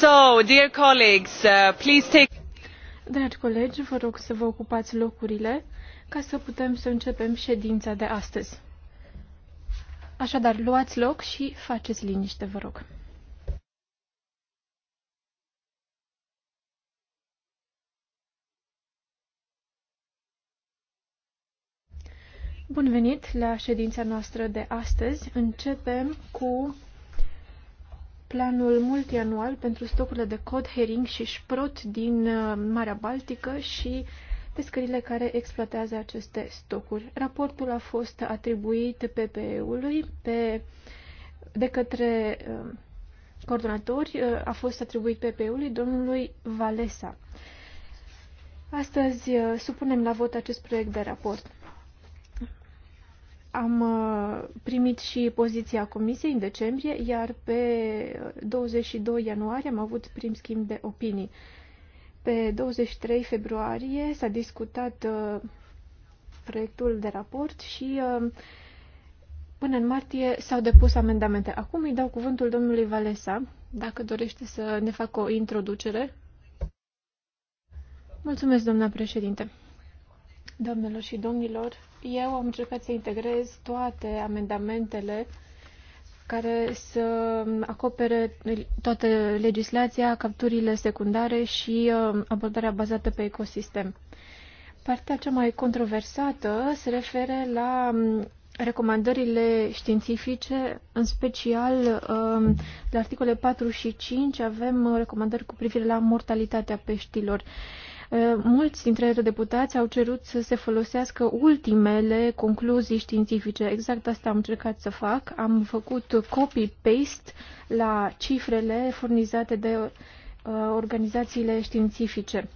So, dear colleagues, uh, please take... Dragi colegi, vă rog să vă ocupați locurile ca să putem să începem ședința de astăzi. Așadar, luați loc și faceți liniște, vă rog. Bun venit la ședința noastră de astăzi. Începem cu planul multianual pentru stocurile de cod, herring și șprot din uh, Marea Baltică și pescările care exploatează aceste stocuri. Raportul a fost atribuit PPE-ului pe, de către uh, coordonatori, uh, a fost atribuit PPE-ului domnului Valesa. Astăzi supunem la vot acest proiect de raport. Am uh, primit și poziția Comisiei în decembrie, iar pe 22 uh, ianuarie am avut prim schimb de opinii. Pe 23 februarie s-a discutat uh, proiectul de raport și până în martie s-au depus amendamente. Acum îi dau cuvântul domnului Valesa, dacă dorește să ne facă o introducere. Mulțumesc, doamna președinte. Doamnelor și domnilor, eu am încercat să integrez toate amendamentele care să acopere toată legislația, capturile secundare și uh, abordarea bazată pe ecosistem. Partea cea mai controversată se referă la um, recomandările științifice, în special um, la articole 4 și 5 avem uh, recomandări cu privire la mortalitatea peștilor. Eh, mulți dintre deputați au cerut să se folosească ultimele concluzii științifice. Exact asta am încercat să fac. Am făcut copy-paste la cifrele furnizate de eh, organizațiile științifice.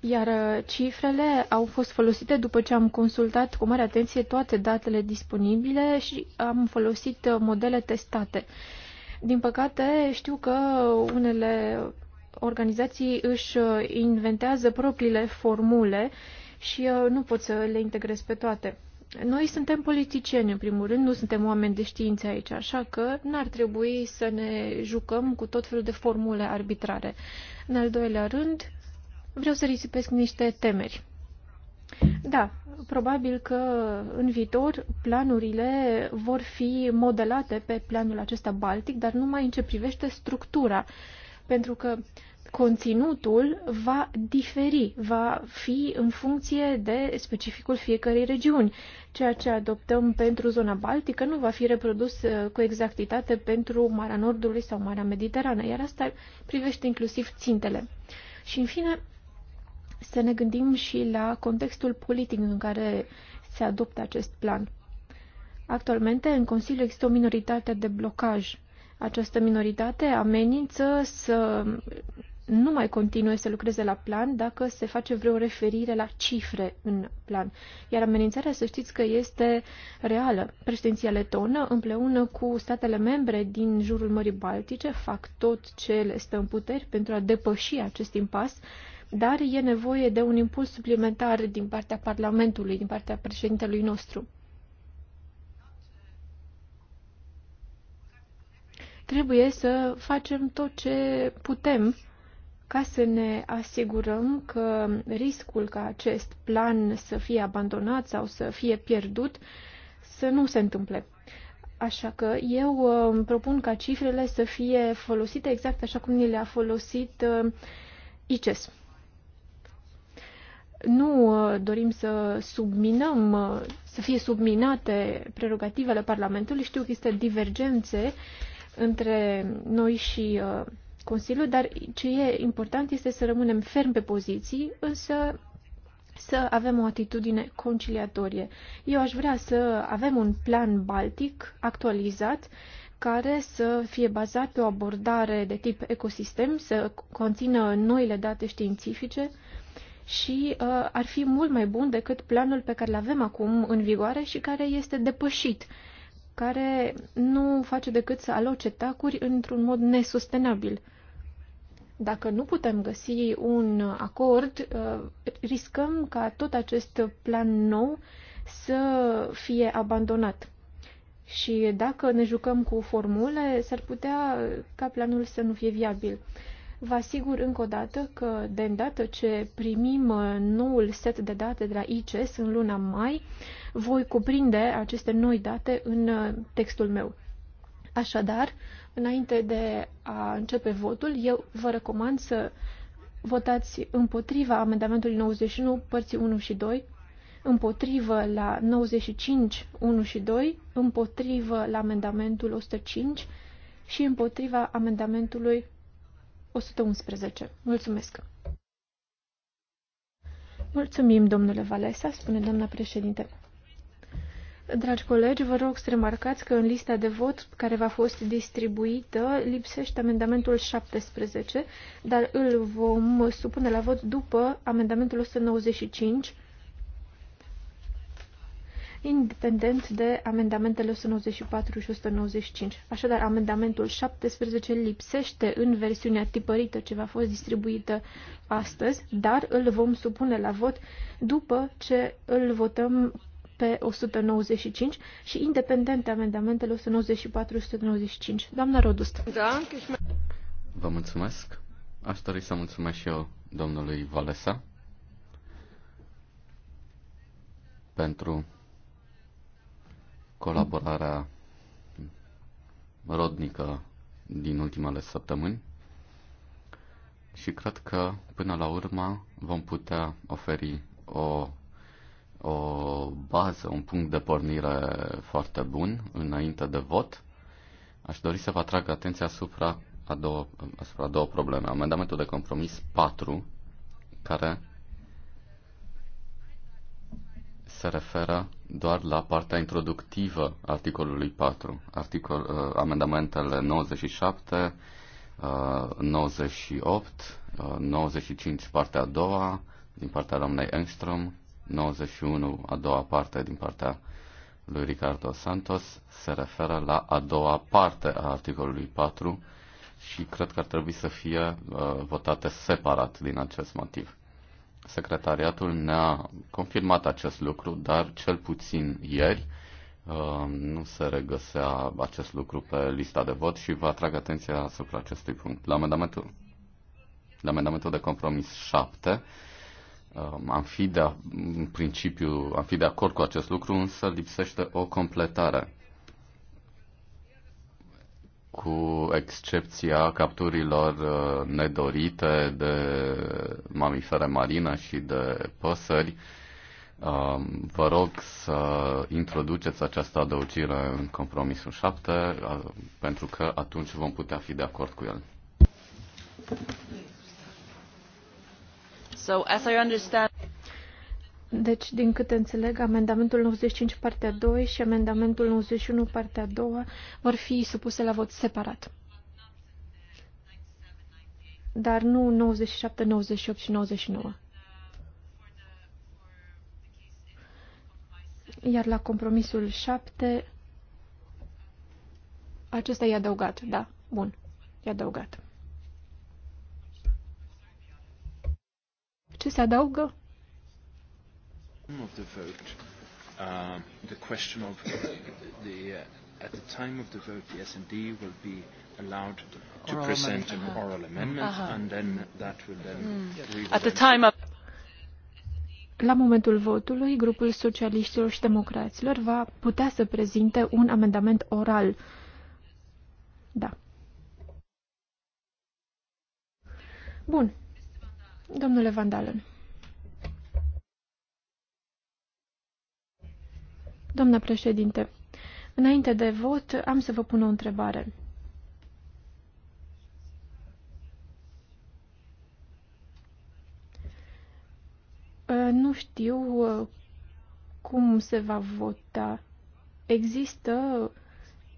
Iar eh, cifrele au fost folosite după ce am consultat cu mare atenție toate datele disponibile și am folosit modele testate. Din păcate, știu că unele organizații își uh, inventează propriile formule și uh, nu pot să le integrez pe toate. Noi suntem politicieni, în primul rând, nu suntem oameni de știință aici, așa că n-ar trebui să ne jucăm cu tot felul de formule arbitrare. În al doilea rând, vreau să risipesc niște temeri. Da, probabil că în viitor planurile vor fi modelate pe planul acesta baltic, dar numai în ce privește structura. Uh, pentru că conținutul va diferi, va fi în funcție de specificul fiecărei regiuni. Ceea ce adoptăm pentru zona baltică nu va fi reprodus uh, cu exactitate pentru Marea Nordului sau Marea Mediterană, iar asta privește inclusiv țintele. Și în fine, să ne gândim și la contextul politic în care se adoptă acest plan. Actualmente, în Consiliu există o minoritate de blocaj această minoritate amenință să nu mai continue să lucreze la plan dacă se face vreo referire la cifre în plan. Iar amenințarea să știți că este reală. Președinția letonă împreună cu statele membre din jurul Mării Baltice fac tot ce le stă în puteri pentru a depăși acest impas, dar e nevoie de un impuls suplimentar din partea Parlamentului, din partea președintelui nostru. Trebuie să facem tot ce putem ca să ne asigurăm că riscul ca acest plan să fie abandonat sau să fie pierdut să nu se întâmple. Așa că eu îmi um, propun ca cifrele să fie folosite exact așa cum ni le-a folosit uh, ICES. Nu uh, dorim să subminăm, uh, să fie subminate prerogativele Parlamentului. Știu că există divergențe între noi și uh, Consiliu, dar ce e important este să rămânem ferm pe poziții, însă să avem o atitudine conciliatorie. Eu aș vrea să avem un plan baltic actualizat care să fie bazat pe o abordare de tip ecosistem, să conțină noile date științifice și uh, ar fi mult mai bun decât planul pe care îl avem acum în vigoare și care este depășit. Uh, care nu face decât să aloce tacuri într-un mod nesustenabil. Dacă nu putem găsi un acord, uh, riscăm ca tot acest plan nou să fie abandonat. Și dacă ne jucăm cu formule, s-ar putea ca planul să nu fie viabil. Vă asigur încă o dată că de îndată ce primim uh, noul set de date de la ICS în luna mai, voi cuprinde aceste noi date în uh, textul meu. Așadar, înainte de a începe votul, eu vă recomand să votați împotriva amendamentului 99, părții 1 și 2, împotrivă la 95, 1 și 2, împotrivă la amendamentul 105 și împotriva amendamentului 111. Mulțumesc. Mulțumim, domnule Valesa, spune doamna președinte. Dragi colegi, vă rog să remarcați că în lista de vot care va fost distribuită lipsește amendamentul 17, dar îl vom supune la vot după amendamentul 195 independent de amendamentele 194 și 195. Așadar, amendamentul 17 lipsește în versiunea tipărită ce va fost distribuită astăzi, dar îl vom supune la vot după ce îl votăm pe 195 și independent de amendamentele 194-195. Doamna Rodust. Da, Vă mulțumesc. Aș dori să mulțumesc și eu domnului Valesa pentru colaborarea rodnică din ultimele săptămâni și cred că până la urmă vom putea oferi o, o bază, un punct de pornire foarte bun înainte de vot. Aș dori să vă atrag atenția asupra a două, asupra a două probleme. Amendamentul de compromis 4, care se referă doar la partea introductivă articolului 4, articol, uh, amendamentele 97, uh, 98, uh, 95 partea a doua din partea doamnei Engström, 91 a doua parte din partea lui Ricardo Santos se referă la a doua parte a articolului 4 și cred că ar trebui să fie uh, votate separat din acest motiv. Secretariatul ne-a confirmat acest lucru, dar cel puțin ieri uh, nu se regăsea acest lucru pe lista de vot și vă atrag atenția asupra acestui punct. La amendamentul, la amendamentul de compromis 7 uh, am fi de, în principiu, am fi de acord cu acest lucru, însă lipsește o completare cu excepția capturilor uh, nedorite de mamifere marine și de păsări. Um, vă rog să introduceți această adăugire în compromisul 7, uh, pentru că atunci vom putea fi de acord cu el. So, as I understand... Deci, din câte înțeleg, amendamentul 95, partea 2 și amendamentul 91, partea 2 vor fi supuse la vot separat. Dar nu 97, 98 și 99. Iar la compromisul 7, acesta e adăugat, da, bun, e adăugat. Ce se adaugă? of the vote, uh, the question of the, uh, at the time of the vote, the S&D will be allowed to oral present amendment. an oral uh-huh. amendment, uh -huh. and then that will then. Mm. At the time of. La momentul votului, grupul socialiștilor și democraților va putea să prezinte un amendament oral. Da. Bun. Domnule Vandalen. Doamna președinte, înainte de vot am să vă pun o întrebare. Ă, nu știu ă, cum se va vota. Există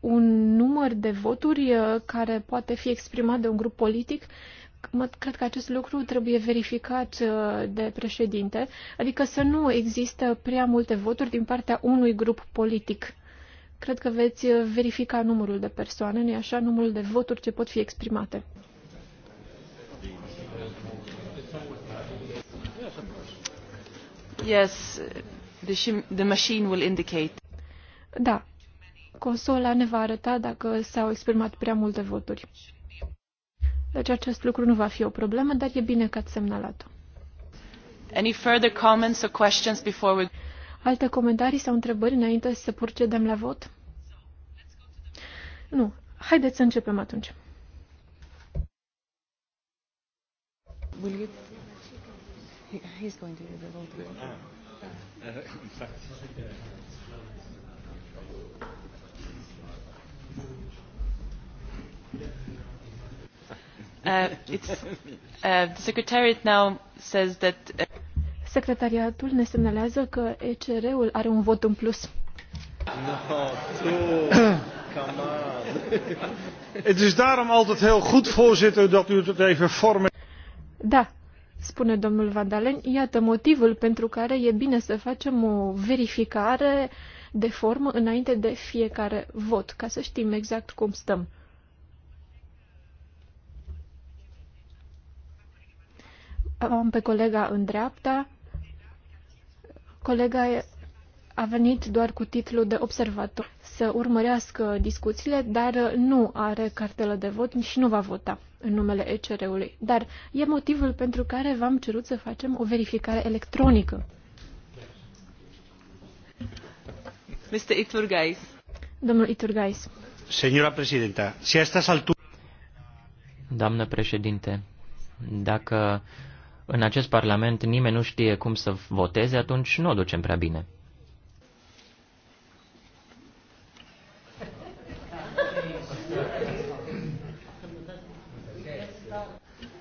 un număr de voturi ă, care poate fi exprimat de un grup politic mă, cred că acest lucru trebuie verificat uh, de președinte, adică să nu există prea multe voturi din partea unui grup politic. Cred că veți uh, verifica numărul de persoane, nu așa, numărul de voturi ce pot fi exprimate. Yes, the, the machine will indicate. Da, consola ne va arăta dacă s-au exprimat prea multe voturi. Deci acest lucru nu va fi o problemă, dar e bine că ați semnalat-o. Any further comments or questions before we... Alte comentarii sau întrebări înainte să procedem la vot? Nu. Haideți să începem atunci. Will you... He's going to do the vote. Uh, Uh, uh, uh, Secretariatul ne semnalează că ECR-ul are un vot în plus. Het is daarom altijd heel goed, voorzitter, dat u het even vormen. Da, spune domnul Vandalen, iată motivul pentru care e bine să facem o verificare de formă înainte de fiecare vot, ca să știm exact cum stăm. am pe colega în dreapta. Colega a venit doar cu titlul de observator să urmărească discuțiile, dar nu are cartelă de vot și nu va vota în numele ECR-ului. Dar e motivul pentru care v-am cerut să facem o verificare electronică. Mr. Iturgais. Domnul Iturgais. Señora presidenta, si a estas alturas... Doamnă președinte, dacă în acest Parlament nimeni nu știe cum să voteze, atunci nu o ducem prea bine.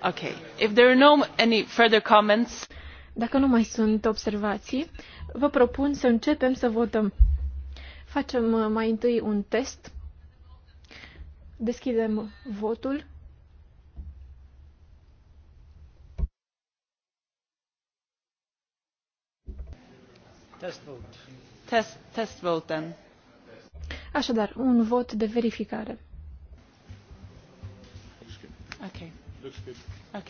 Okay. If there are no any further comments... Dacă nu mai sunt observații, vă propun să începem să votăm. Facem uh, mai întâi un test. Deschidem votul. Test Test, vote then. Așadar, un vot de verificare. Ok. Ok.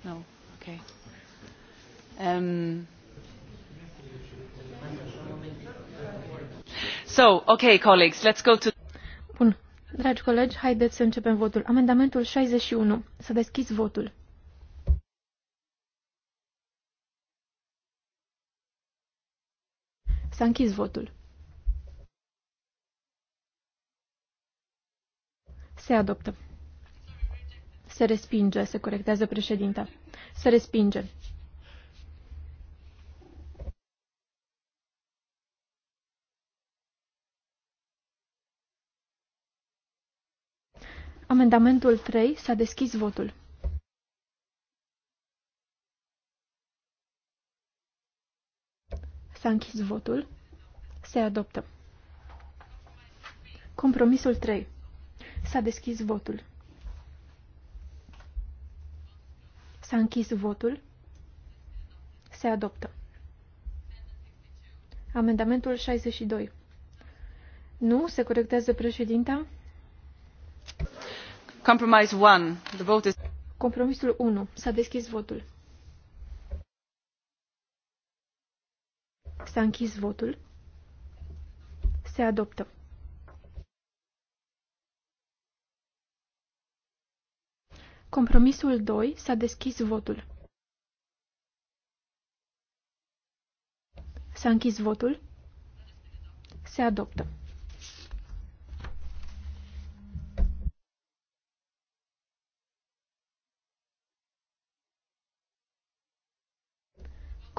No, ok. Um, so, okay, colleagues, let's go to... Bun. Dragi colegi, haideți să începem votul. Amendamentul 61. Să deschizi votul. S-a închis votul. Se adoptă. Se respinge, se corectează președinta. Se respinge. Amendamentul 3 s-a deschis votul. S-a închis votul. Se adoptă. Compromisul 3. S-a deschis votul. S-a închis votul. Se adoptă. Amendamentul 62. Nu, se corectează președinta. Compromise 1. The vote is... Compromisul 1. S-a deschis votul. S-a închis votul. Se adoptă. Compromisul 2 s-a deschis votul. S-a închis votul. Se adoptă.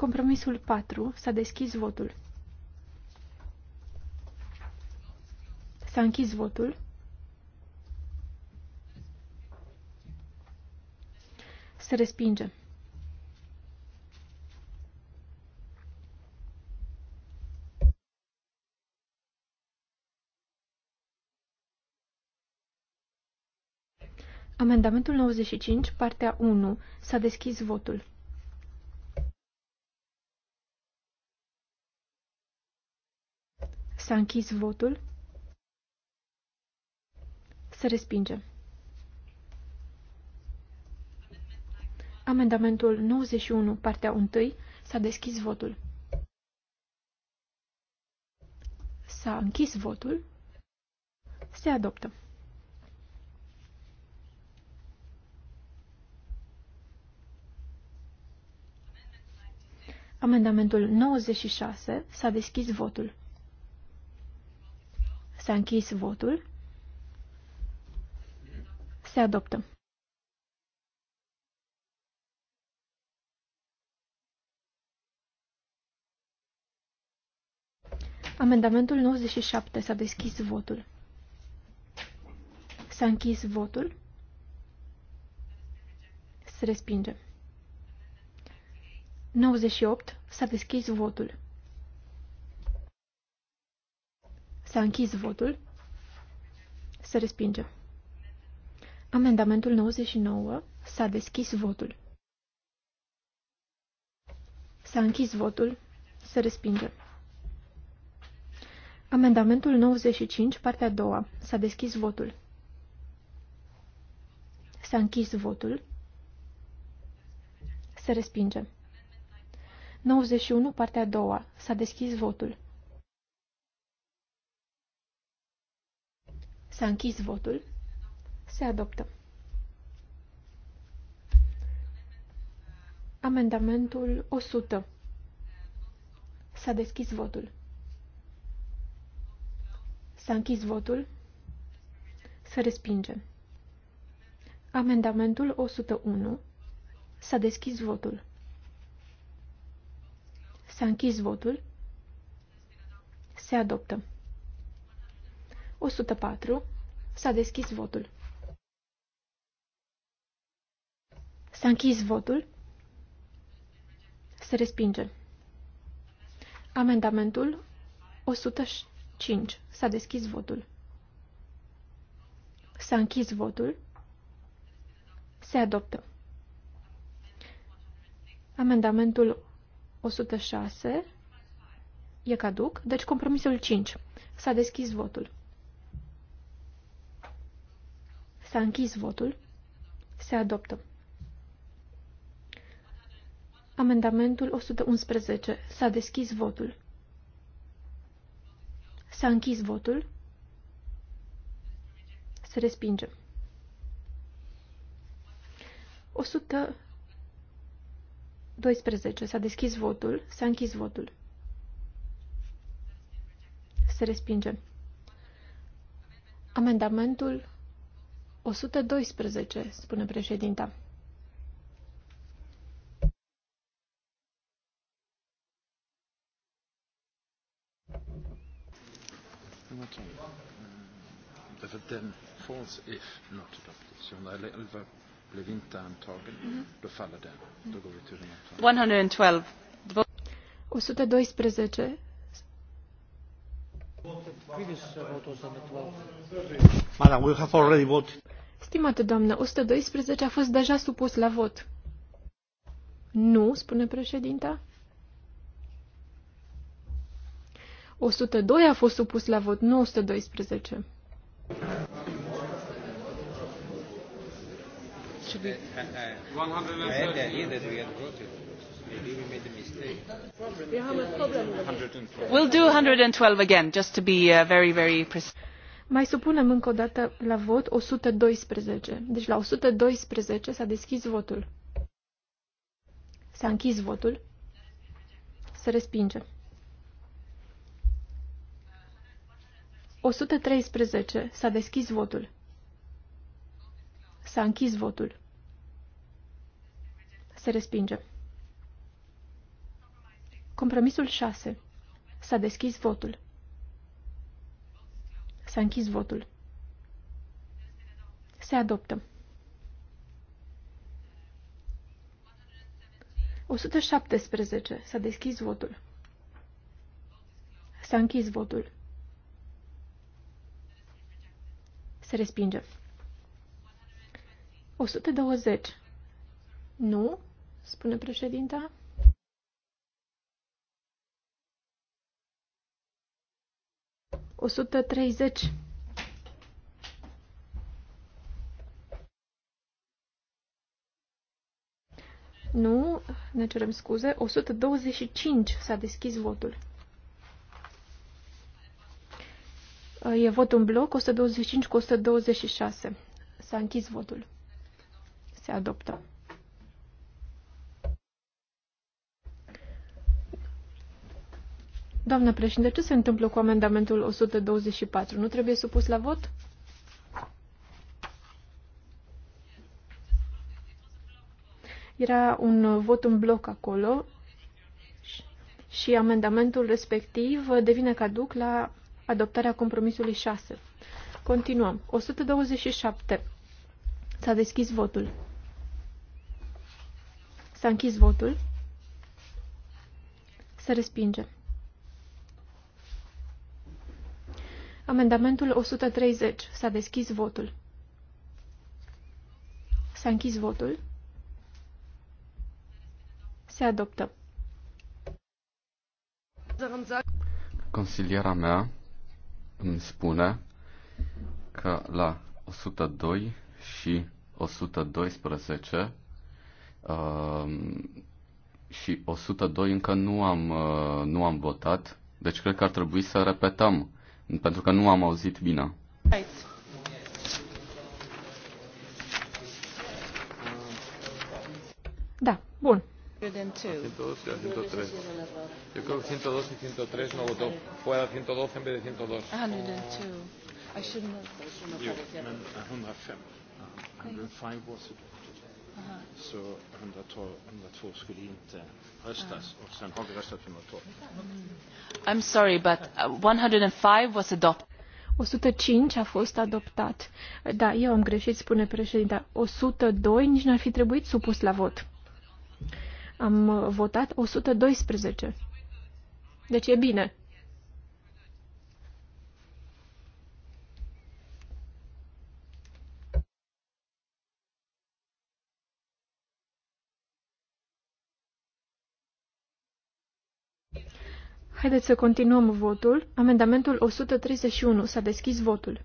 Compromisul 4. S-a deschis votul. S-a închis votul. Se respinge. Amendamentul 95, partea 1. S-a deschis votul. S-a închis votul. Se respinge. Amendamentul 91, partea 1, s-a deschis votul. S-a închis votul. Se adoptă. Amendamentul 96 s-a deschis votul. S-a închis votul. Se adoptă. Amendamentul 97. S-a deschis votul. S-a închis votul. Se respinge. 98. S-a deschis votul. S-a închis votul. Se respinge. Amendamentul 99. S-a deschis votul. S-a închis votul. Se respinge. Amendamentul 95, partea a doua. S-a deschis votul. S-a închis votul. Se respinge. 91, partea a doua. S-a deschis votul. S-a închis votul. Se adoptă. Amendamentul 100. S-a deschis votul. S-a închis votul. Se respinge. Amendamentul 101. S-a deschis votul. S-a închis votul. Se adoptă. 104. S-a deschis votul. S-a închis votul. Se respinge. Amendamentul 105. S-a deschis votul. S-a închis votul. Se adoptă. Amendamentul 106 e caduc, deci compromisul 5. S-a deschis votul. S-a închis votul. Se adoptă. Amendamentul 111. S-a deschis votul. S-a închis votul. Se respinge. 112. S-a deschis votul. S-a închis votul. Se respinge. Amendamentul 112, spune președinta. falls if not adopted. 11 mm. faller 112. 112. Madam, we have already voted. Stimată doamnă, 112 a fost deja supus la vot. Nu, spune președinta. 102 a fost supus la vot, nu 112. Should be... 130. We'll do 112 again, just to be uh, very, very precise. Mai supunem încă o dată la vot 112. Deci la 112 s-a deschis votul. S-a închis votul. Se respinge. 113. S-a deschis votul. S-a închis votul. Se respinge. Compromisul 6. S-a deschis votul. S-a închis votul. Se adoptă. 117. S-a deschis votul. S-a închis votul. Se respinge. 120. Nu, spune președinta. 130. Nu, ne cerem scuze. 125 s-a deschis votul. E vot în bloc, 125 cu 126. S-a închis votul. Se adoptă. Doamnă președinte, ce se întâmplă cu amendamentul 124? Nu trebuie supus la vot? Era un vot în bloc acolo și amendamentul respectiv devine caduc la adoptarea compromisului 6. Continuăm. 127. S-a deschis votul. S-a închis votul. Se respinge. Amendamentul 130. S-a deschis votul. S-a închis votul. Se adoptă. Consiliera mea îmi spune că la 102 și 112 uh, și 102 încă nu am, uh, nu am votat, deci cred că ar trebui să repetăm pentru că nu am auzit bine. Da, bun. 102, 103. Yo creo 102 y 103 no votó. Fue a 112 en 102. 102. I shouldn't 102 så 112, 102 skulle inte röstas och sen har vi röstat 112. Mm. I'm sorry but 105 uh, was adopted. 105 a fost adoptat. Da, eu am greșit, spune președinta. 102 nici n-ar fi trebuit supus la vot. Am uh, votat 112. Deci e bine. Haideți să continuăm votul. Amendamentul 131. S-a deschis votul.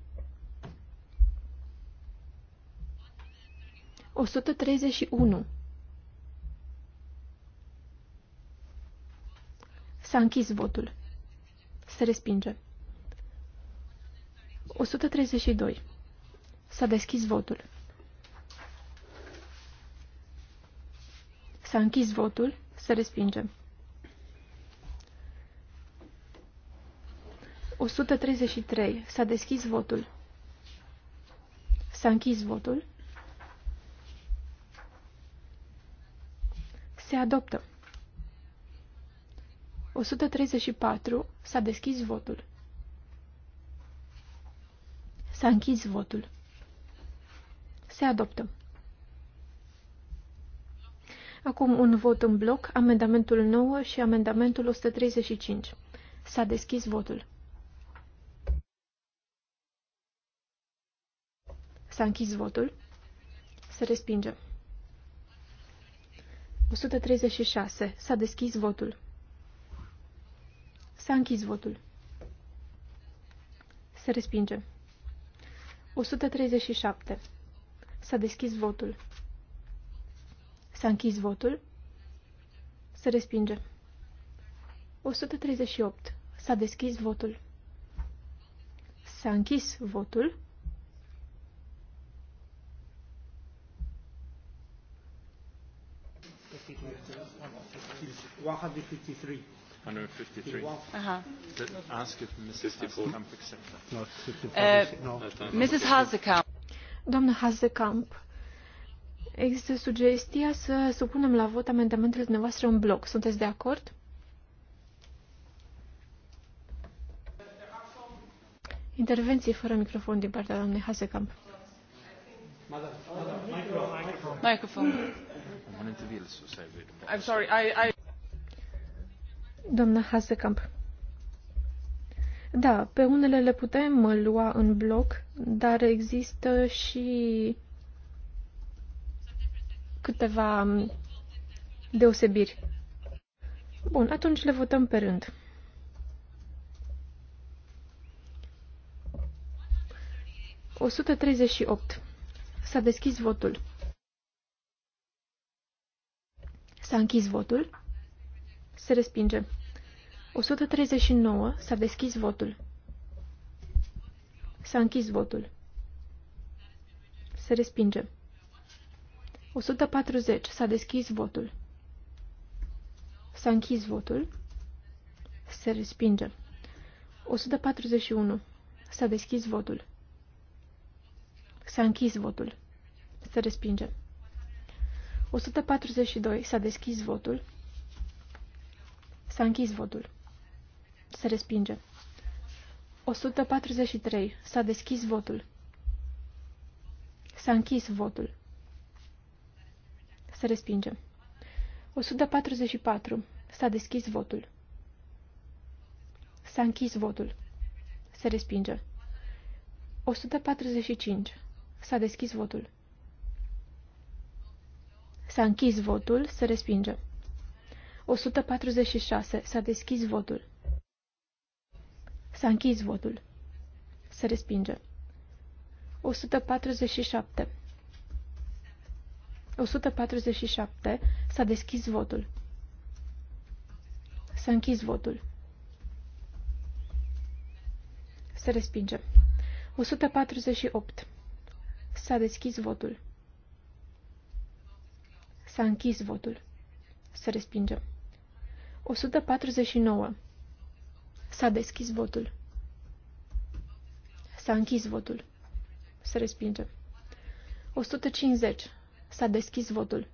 131. S-a închis votul. Se respinge. 132. S-a deschis votul. S-a închis votul. Se respinge. 133. S-a deschis votul. S-a închis votul. Se adoptă. 134. S-a deschis votul. S-a închis votul. Se adoptă. Acum un vot în bloc, amendamentul 9 și amendamentul 135. S-a deschis votul. S-a închis votul. Se respinge. 136. S-a deschis votul. S-a închis votul. Se respinge. 137. S-a deschis votul. S-a închis votul. Se respinge. 138. S-a deschis votul. S-a închis votul. 153. 153. Uh-huh. Mrs. Uh, Doamnă Hazekamp, există sugestia să supunem la vot amendamentele dumneavoastră în bloc. Sunteți de acord? Intervenție fără microfon din partea doamnei Hazekamp. Microfon. I'm sorry, I, I... Doamna Hasekamp. Da, pe unele le putem lua în bloc, dar există și câteva deosebiri. Bun, atunci le votăm pe rând. O 138. S-a deschis votul. S-a închis votul. Se respinge. 139. S-a deschis votul. S-a închis votul. Se respinge. 140. S-a deschis votul. S-a închis votul. Se respinge. 141. S-a deschis votul. S-a închis votul. Se respinge. 142. S-a deschis votul. S-a închis vodul. Se respinge. 143. S-a deschis votul. S-a închis votul. Se respinge. 144. S-a deschis votul. S-a închis votul. Se respinge. 145. S-a deschis votul. S-a închis votul. Se respinge. 146. S-a deschis votul. S-a închis votul. Se respinge. 147. 147. S-a deschis votul. S-a închis votul. Se respinge. 148. S-a deschis votul. S-a închis votul. Să respingem. 149. S-a deschis votul. S-a închis votul. Se respinge. 150. S-a deschis votul.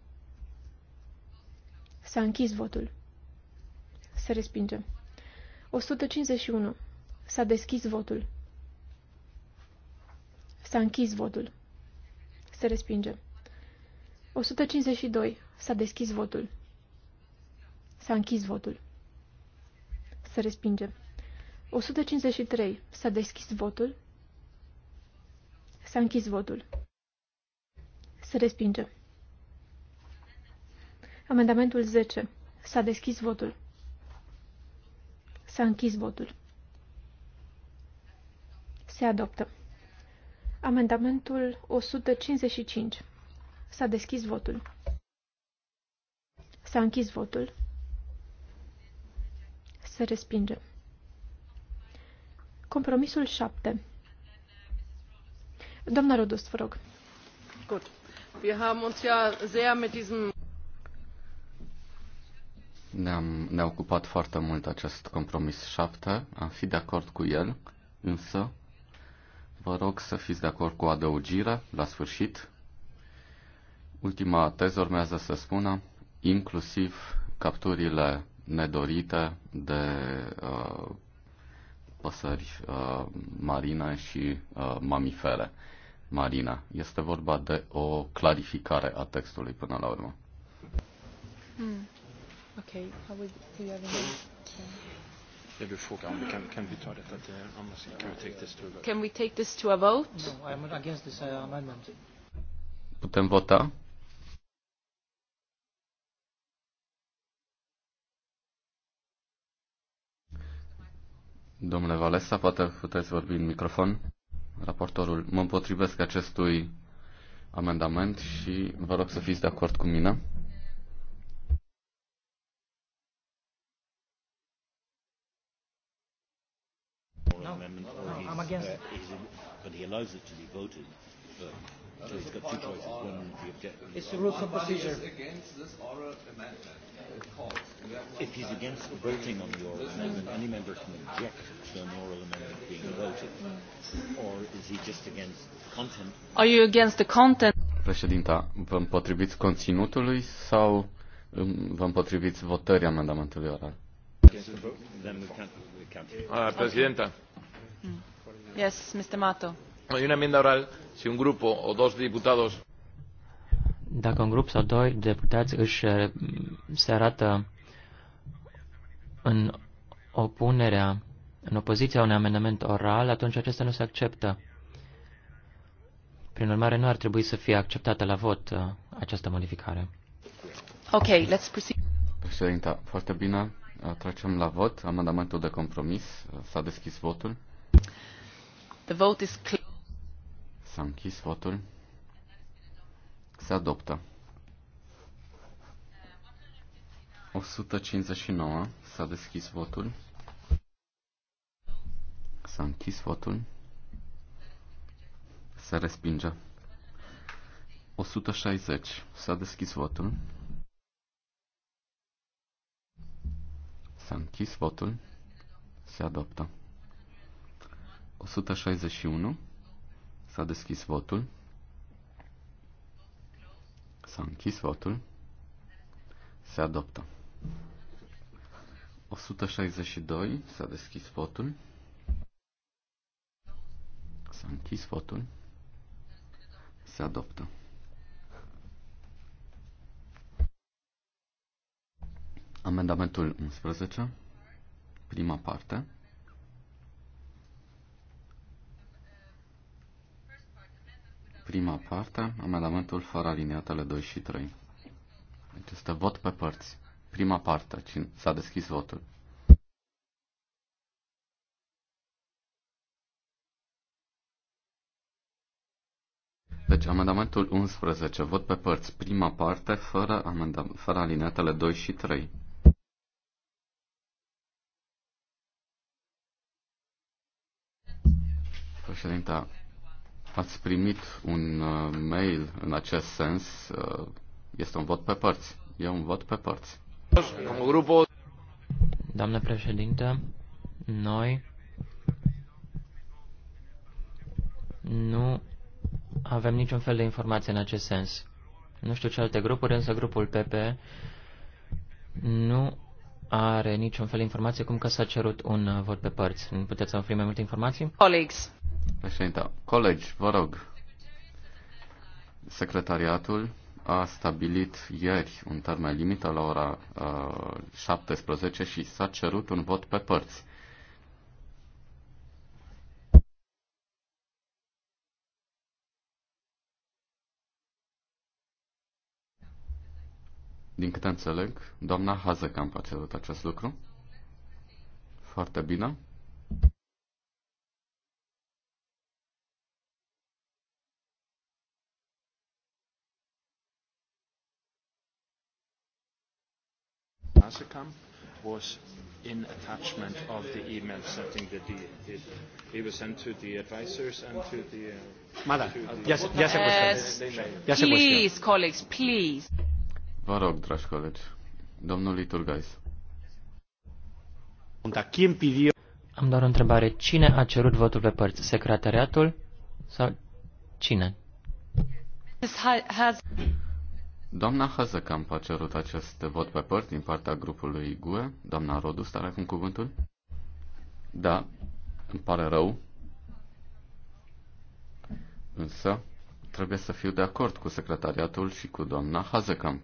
S-a închis votul. Se respinge. 151. S-a deschis votul. S-a închis votul. Se respinge. 152. S-a deschis votul. S-a închis votul. Să respinge. 153. S-a deschis votul. S-a închis votul. Să respinge. Amendamentul 10. S-a deschis votul. S-a închis votul. Se adoptă. Amendamentul 155. S-a deschis votul. S-a închis votul se respinge. Compromisul 7. Doamna Rodust, vă rog. Gut. Wir haben uns ja sehr mit diesem ne-am, ne ocupat foarte mult acest compromis 7, am fi de acord cu el, însă vă rog să fiți de acord cu adăugirea la sfârșit. Ultima teză urmează să spună, inclusiv capturile nedorită de uh, păsări uh, marine și uh, mamifere marine. Este vorba de o clarificare a textului până la urmă. Mm. Ok, How would, do you have any... take this to a vote? Can we take this to a vote? No, I'm against this uh, amendment. Putem vota? Domnule Valesa, poate puteți vorbi în microfon. Raportorul, mă împotrivesc acestui amendament și vă rog să fiți de acord cu mine. No, no, no, I'm against. Uh, But he allows it to be voted. So it's got two choices. One, the objective. It's the rules of procedure. against this oral amendment. If he's against voting on the oral amendment, any member can object to an oral amendment being voted. Or is he just against content? Are you against the content? Președinta, vă împotriviți conținutului sau um, vă împotriviți votării amendamentului oral? Uh, Președinta. Mm. Yes, Mr. Mato. Hay una enmienda oral si un grupo o dos diputados dacă un grup sau doi deputați își eh, se arată în opunerea, în opoziția unui amendament oral, atunci acesta nu se acceptă. Prin urmare, nu ar trebui să fie acceptată la vot eh, această modificare. Ok, let's proceed. Președinta, foarte bine. Eh, trecem la vot. Amendamentul de compromis. S-a deschis votul. The vote is clear. S-a închis votul. Se adoptă. 159. S-a deschis votul. S-a închis votul. Se respinge. 160. S-a deschis votul. S-a închis votul. Se adoptă. 161. S-a deschis votul. S-a închis votul. Se adoptă. 162. S-a deschis votul. S-a închis votul. Se adoptă. Amendamentul 11. Prima parte. prima parte, amendamentul fără aliniatele 2 și 3. Deci este vot pe părți. Prima parte, s-a deschis votul. Deci amendamentul 11, vot pe părți, prima parte, fără, fără alineatele 2 și 3. Președinte, Ați primit un uh, mail în acest sens. Uh, este un vot pe părți. E un vot pe părți. Doamne președinte, noi nu avem niciun fel de informație în acest sens. Nu știu ce alte grupuri, însă grupul PP nu are niciun fel de informație cum că s-a cerut un uh, vot pe părți. Nu puteți să oferi mai multe informații? Colegi. Președinte, colegi, vă rog, secretariatul a stabilit ieri un termen limită la ora uh, 17 și s-a cerut un vot pe părți. Din câte înțeleg, doamna Hazekamp a cerut acest lucru. Foarte bine. Hasekamp was in attachment of the email I think that he did. He was sent to the advisors and to the... Uh, Mada, Madam, yes, yes, yes, yes, please, colleagues, please. Vă rog, dragi colegi, domnul Iturgais. Am doar o întrebare. Cine a cerut votul pe părți? Secretariatul sau cine? Doamna Hazekamp a cerut acest vot pe părți din partea grupului GUE. Doamna Rodus, are acum cuvântul? Da, îmi pare rău. Însă, trebuie să fiu de acord cu secretariatul și cu doamna Hazekamp.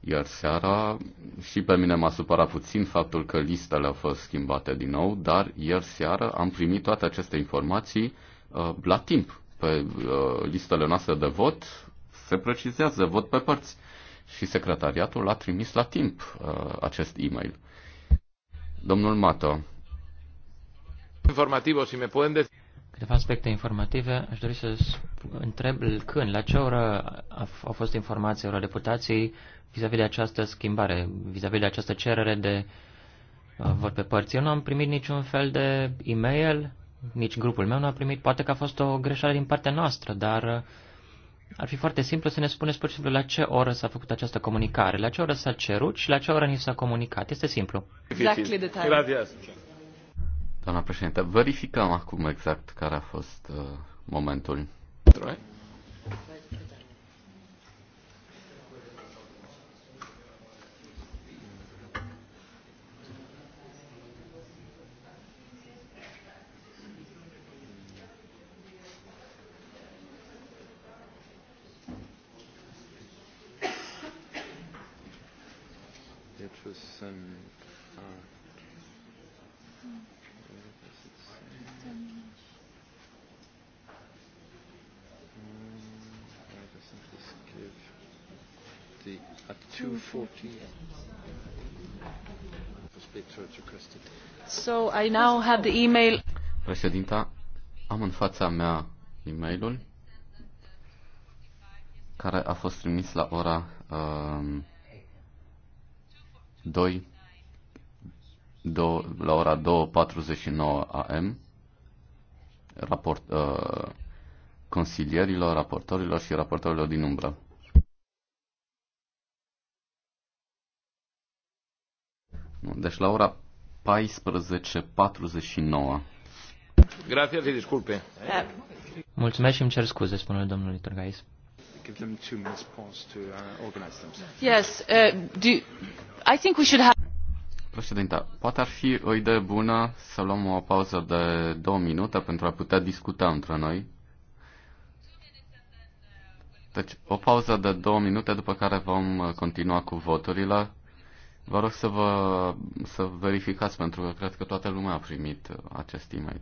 Iar seara și pe mine m-a supărat puțin faptul că listele au fost schimbate din nou, dar ieri seara am primit toate aceste informații uh, la timp pe uh, listele noastre de vot se precizează, vot pe părți. Și secretariatul a trimis la timp uh, acest e-mail. Domnul Mato. Informativ, și me pueden decir câteva aspecte informative. Aș dori să întreb când, la ce oră au fost informații eurodeputații vis-a-vis de această schimbare, vis-a-vis de această cerere de uh, vot pe părți. Eu nu am primit niciun fel de e-mail, nici grupul meu nu a primit. Poate că a fost o greșeală din partea noastră, dar uh, ar fi foarte simplu să ne spuneți pur și simplu la ce oră s-a făcut această comunicare, la ce oră s-a cerut și la ce oră ni s-a comunicat. Este simplu. Exactly the time. Doamna președinte, verificăm acum exact care a fost uh, momentul. Right. So I now have the email. Președinta, am în fața mea e-mailul care a fost trimis la ora um, 2, 2 la ora 2.49 am raport, uh, consilierilor, raportorilor și raportorilor din umbră. Deci la ora 14.49. Grazie, disculpe. Mulțumesc și îmi cer scuze, spune domnul Turgais. Uh, yes, uh, do, I think we should have... Președinte, poate ar fi o idee bună să luăm o pauză de două minute pentru a putea discuta între noi. Deci, o pauză de două minute, după care vom continua cu voturile. Vă rog să, vă, să verificați, pentru că cred că toată lumea a primit acest e-mail.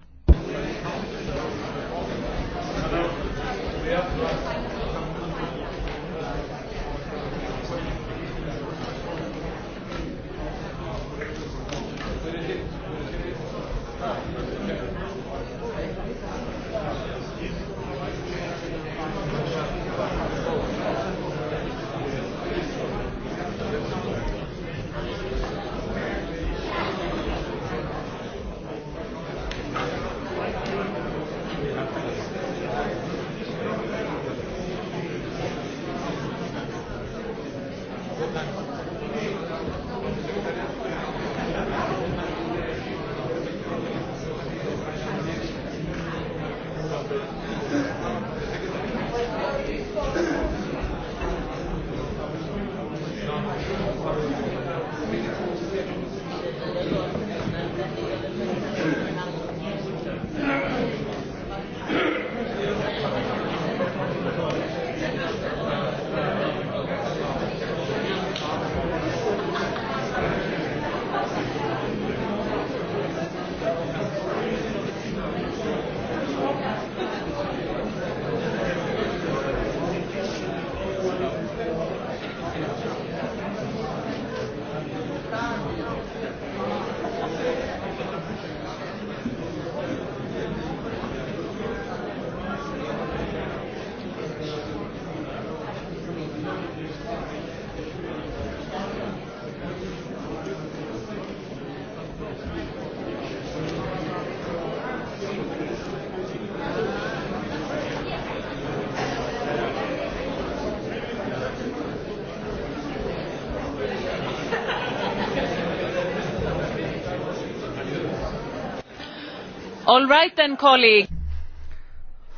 All right then, colleague.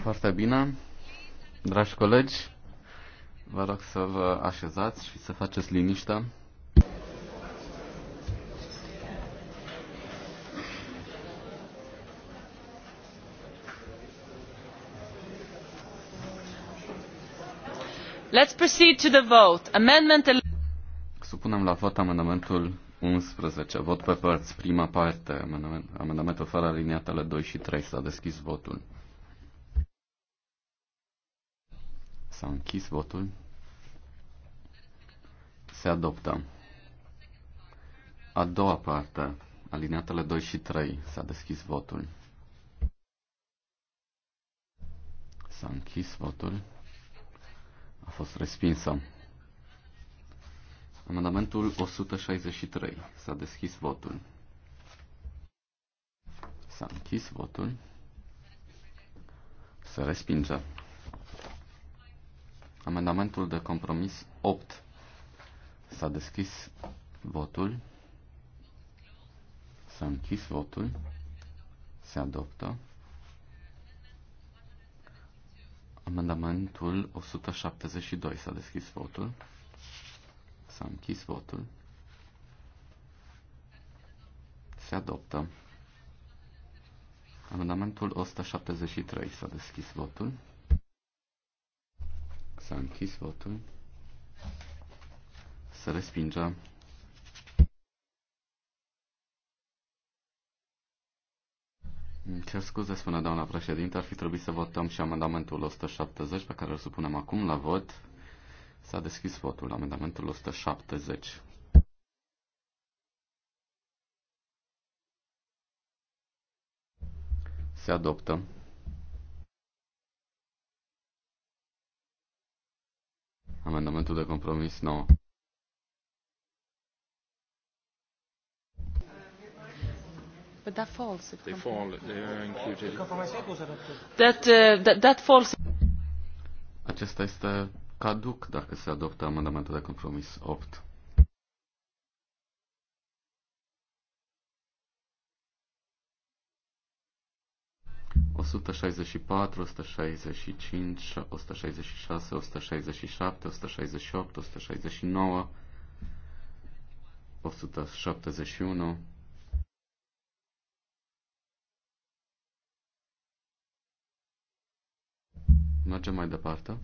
Foarte bine. Dragi colegi, vă rog să vă așezați și să faceți liniște. Let's proceed to the vote. Amendment Supunem la vot amendamentul 11. Vot pe părți. Prima parte. Amendament, amendamentul fără aliniatele 2 și 3. S-a deschis votul. S-a închis votul. Se adoptă. A doua parte. Alineatele 2 și 3. S-a deschis votul. S-a închis votul. A fost respinsă. Amendamentul 163. S-a deschis votul. S-a închis votul. Se respinge. Amendamentul de compromis 8. S-a deschis votul. S-a închis votul. Se adoptă. Amendamentul 172. S-a deschis votul. S-a închis votul. Se adoptă. Amendamentul 173. S-a deschis votul. S-a închis votul. Se respinge. Cer scuze, spune doamna președinte, ar fi trebuit să votăm și amendamentul 170 pe care îl supunem acum la vot. S-a deschis votul. Amendamentul 170. Se adoptă. Amendamentul de compromis 9. But that falls. They fall. They are included. That, uh, that, that falls. Acesta este caduc dacă se adoptă amendamentul de compromis 8. ...164, 165, 166, 167, 168, 169, 171... Mergem mai departe.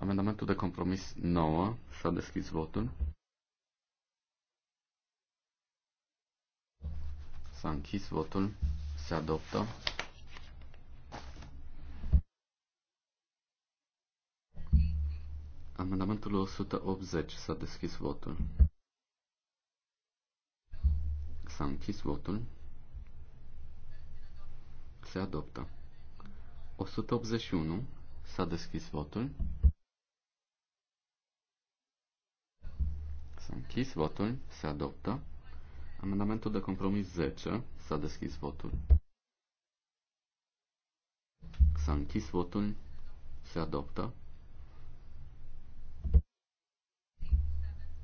Amendamentul de compromis 9. S-a deschis votul. S-a închis votul. Se adoptă. Amendamentul 180. S-a deschis votul. S-a închis votul. Se adoptă. 181. S-a deschis votul. S-a închis votul. Se adoptă. Amendamentul de compromis 10. S-a deschis votul. S-a închis votul. Se adoptă.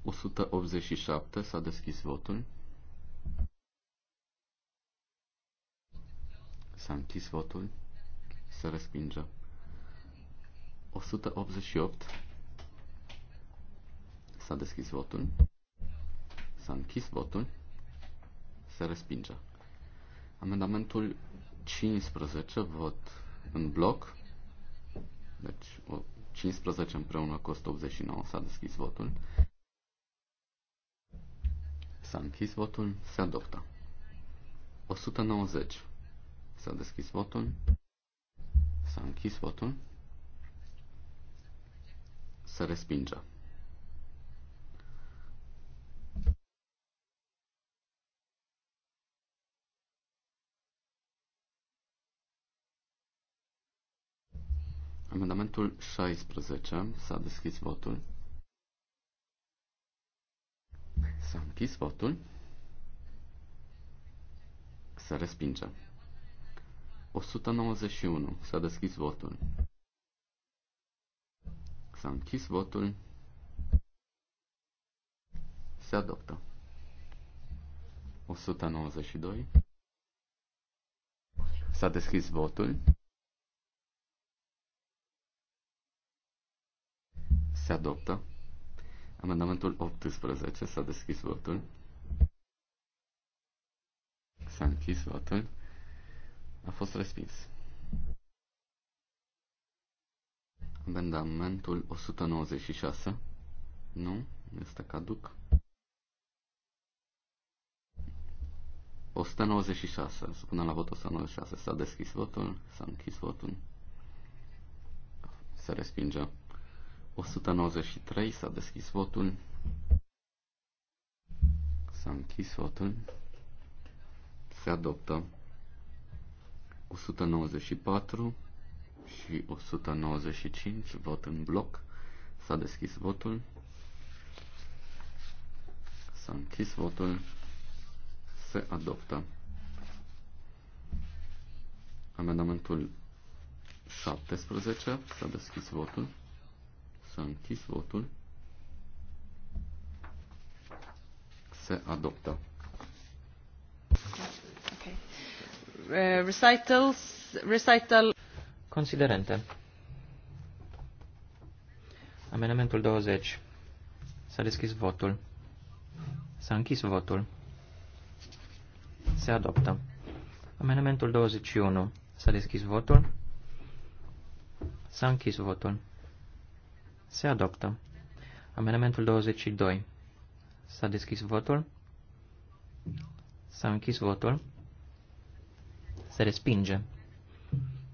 187. S-a deschis votul. S-a închis votul. Se respinge. 188. S-a deschis votul. S-a închis votul. Se respinge. Amendamentul 15, vot în bloc. Deci 15 împreună cu 189 s-a deschis votul. S-a închis votul, se adoptă. 190. S-a deschis votul. S-a închis votul. Se respinge. Amendamentul 16. S-a deschis votul. S-a închis votul. Se respinge. 191. S-a deschis votul. S-a închis votul. Se adoptă. 192. S-a deschis votul. Se adoptă. Amendamentul 18. S-a deschis votul. S-a închis votul. A fost respins. Amendamentul 196. Nu, este caduc. 196. Supunem la vot 196. S-a deschis votul, s-a închis votul. Se respinge. 193 s-a deschis votul. S-a închis votul. Se adoptă. 194 și 195 vot în bloc. S-a deschis votul. S-a închis votul. Se adoptă. Amendamentul 17. S-a deschis votul. S-a închis votul. Se adoptă. Okay. Uh, recitals, recital... Considerente. Amendamentul 20. S-a deschis votul. S-a închis votul. Se adoptă. Amendamentul 21. S-a deschis votul. S-a închis votul. Se adoptă. Amendamentul 22. S-a deschis votul. S-a închis votul. Se respinge.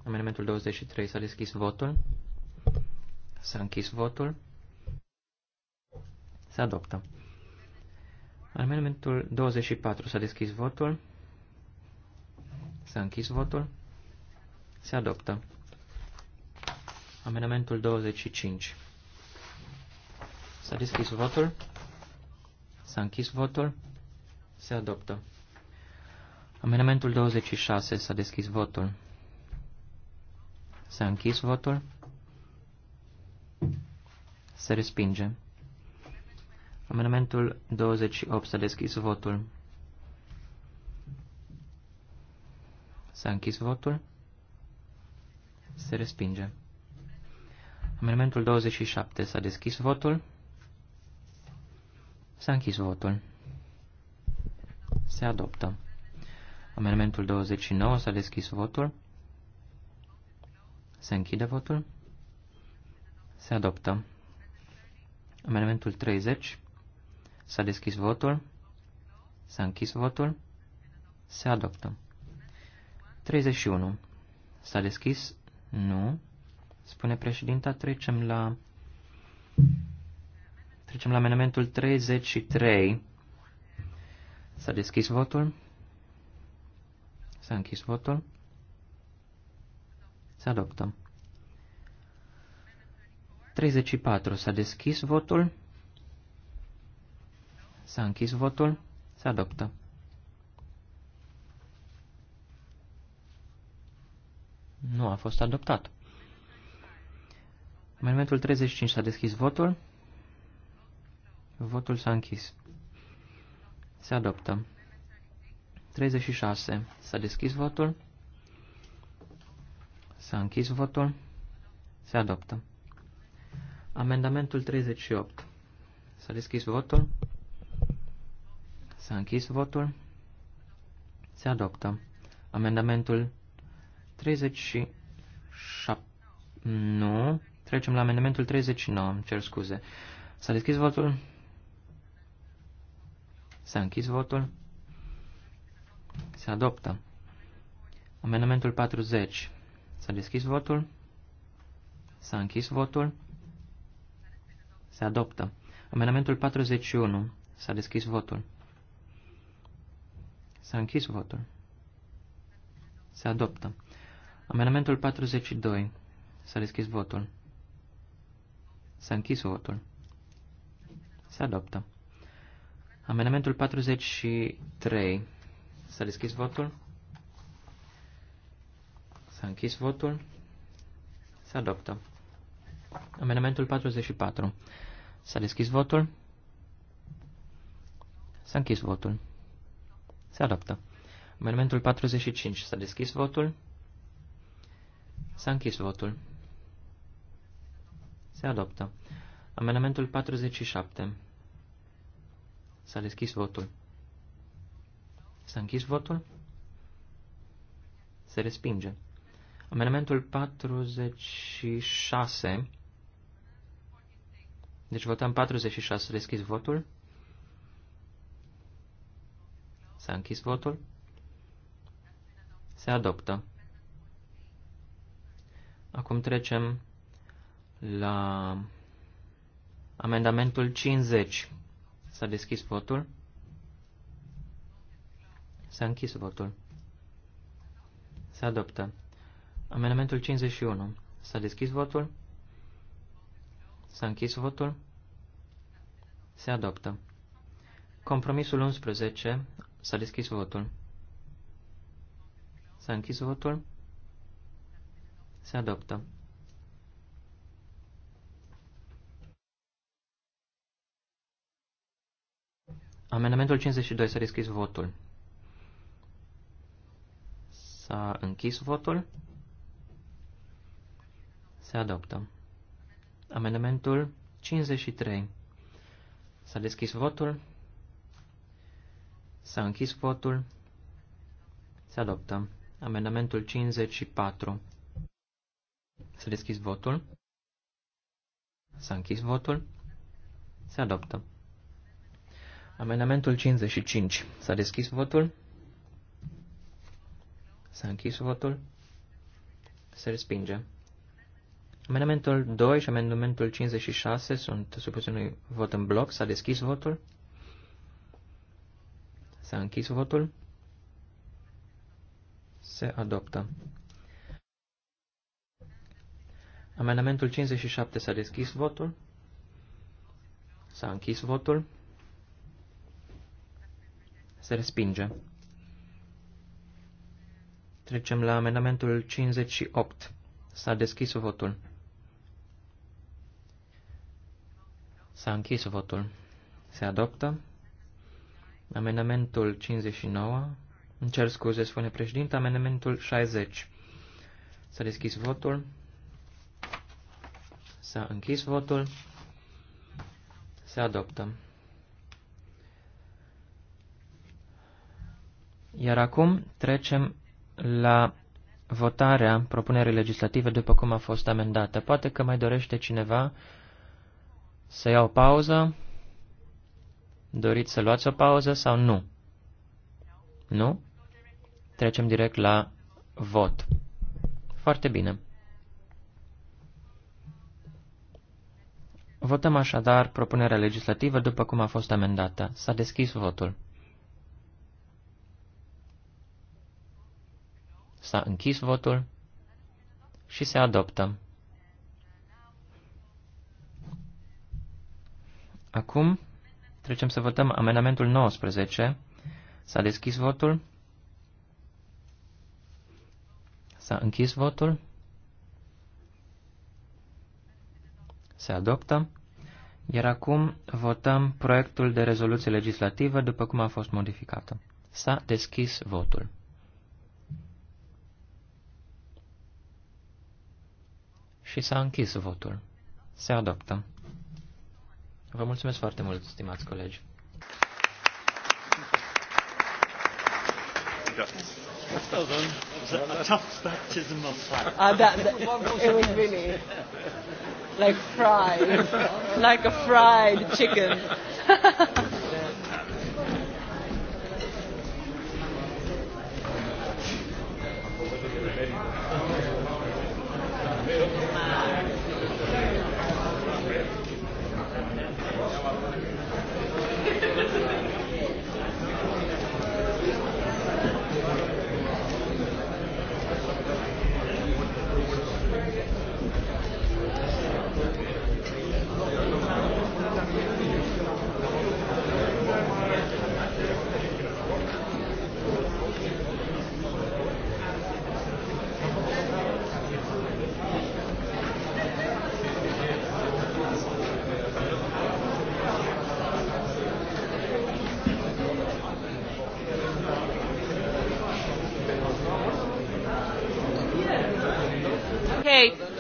Amendamentul 23. S-a deschis votul. S-a închis votul. Se adoptă. Amendamentul 24. S-a deschis votul. S-a închis votul. Se adoptă. Amendamentul 25. S-a deschis votul. S-a închis votul. Se adoptă. Amendamentul 26. S-a deschis votul. S-a închis votul. Se respinge. Amendamentul 28. S-a deschis votul. S-a închis votul. Se respinge. Amendamentul 27. S-a deschis votul. S-a închis votul. Se adoptă. Amendamentul 29 s-a deschis votul. Se închide votul. Se adoptă. Amendamentul 30 s-a deschis votul. S-a închis votul. Se adoptă. 31. S-a deschis? Nu. Spune președinta, trecem la Trecem la amendamentul 33. S-a deschis votul. S-a închis votul. Se adoptă. 34. S-a deschis votul. S-a închis votul. Se adoptă. Nu a fost adoptat. Amendamentul 35 s-a deschis votul. Votul s-a închis. Se adoptă. 36. S-a deschis votul. S-a închis votul. Se adoptă. Amendamentul 38. S-a deschis votul. S-a închis votul. Se adoptă. Amendamentul 37. Nu. Trecem la amendamentul 39. Cer scuze. S-a deschis votul. S-a închis votul. Se adoptă. Amendamentul 40. S-a deschis votul. S-a închis votul. Se adoptă. Amendamentul 41. S-a deschis votul. S-a închis votul. Se adoptă. Amendamentul 42. S-a deschis votul. S-a închis votul. Se adoptă. Amendamentul 43. S-a deschis votul? S-a închis votul? Se adoptă. Amendamentul 44. S-a deschis votul? S-a închis votul. Se adoptă. Amendamentul 45. S-a deschis votul? S-a închis votul. Se adoptă. Amendamentul 47. S-a deschis votul. S-a închis votul? Se respinge. Amendamentul 46. Deci votăm 46. S-a deschis votul. S-a închis votul. Se adoptă. Acum trecem la amendamentul 50 S-a deschis votul. S-a închis votul. Se adoptă. Amendamentul 51. S-a deschis votul. S-a închis votul. Se adoptă. Compromisul 11. S-a deschis votul. S-a închis votul. Se adoptă. Amendamentul 52 s-a deschis votul. S-a închis votul. Se adoptă. Amendamentul 53. S-a deschis votul. S-a închis votul. Se adoptă. Amendamentul 54. S-a deschis votul. S-a închis votul. Se adoptă. Amendamentul 55. S-a deschis votul? S-a închis votul? Se respinge. Amendamentul 2 și amendamentul 56 sunt supuse unui vot în bloc. S-a deschis votul? S-a închis votul? Se adoptă. Amendamentul 57 s-a deschis votul? S-a închis votul? Se respinge. Trecem la amendamentul 58. S-a deschis votul. S-a închis votul. Se adoptă. Amendamentul 59. Îmi cer scuze, spune președinte. Amendamentul 60. S-a deschis votul. S-a închis votul. Se adoptă. Iar acum trecem la votarea propunerii legislative după cum a fost amendată. Poate că mai dorește cineva să ia o pauză? Doriți să luați o pauză sau nu? Nu? Trecem direct la vot. Foarte bine. Votăm așadar propunerea legislativă după cum a fost amendată. S-a deschis votul. S-a închis votul și se adoptă. Acum trecem să votăm amendamentul 19. S-a deschis votul. S-a închis votul. Se adoptă. Iar acum votăm proiectul de rezoluție legislativă după cum a fost modificată. S-a deschis votul. Și s-a închis votul. Se adoptă. Vă mulțumesc foarte mult, stimați colegi. Ah, that, that, it was really like fried, like a fried chicken.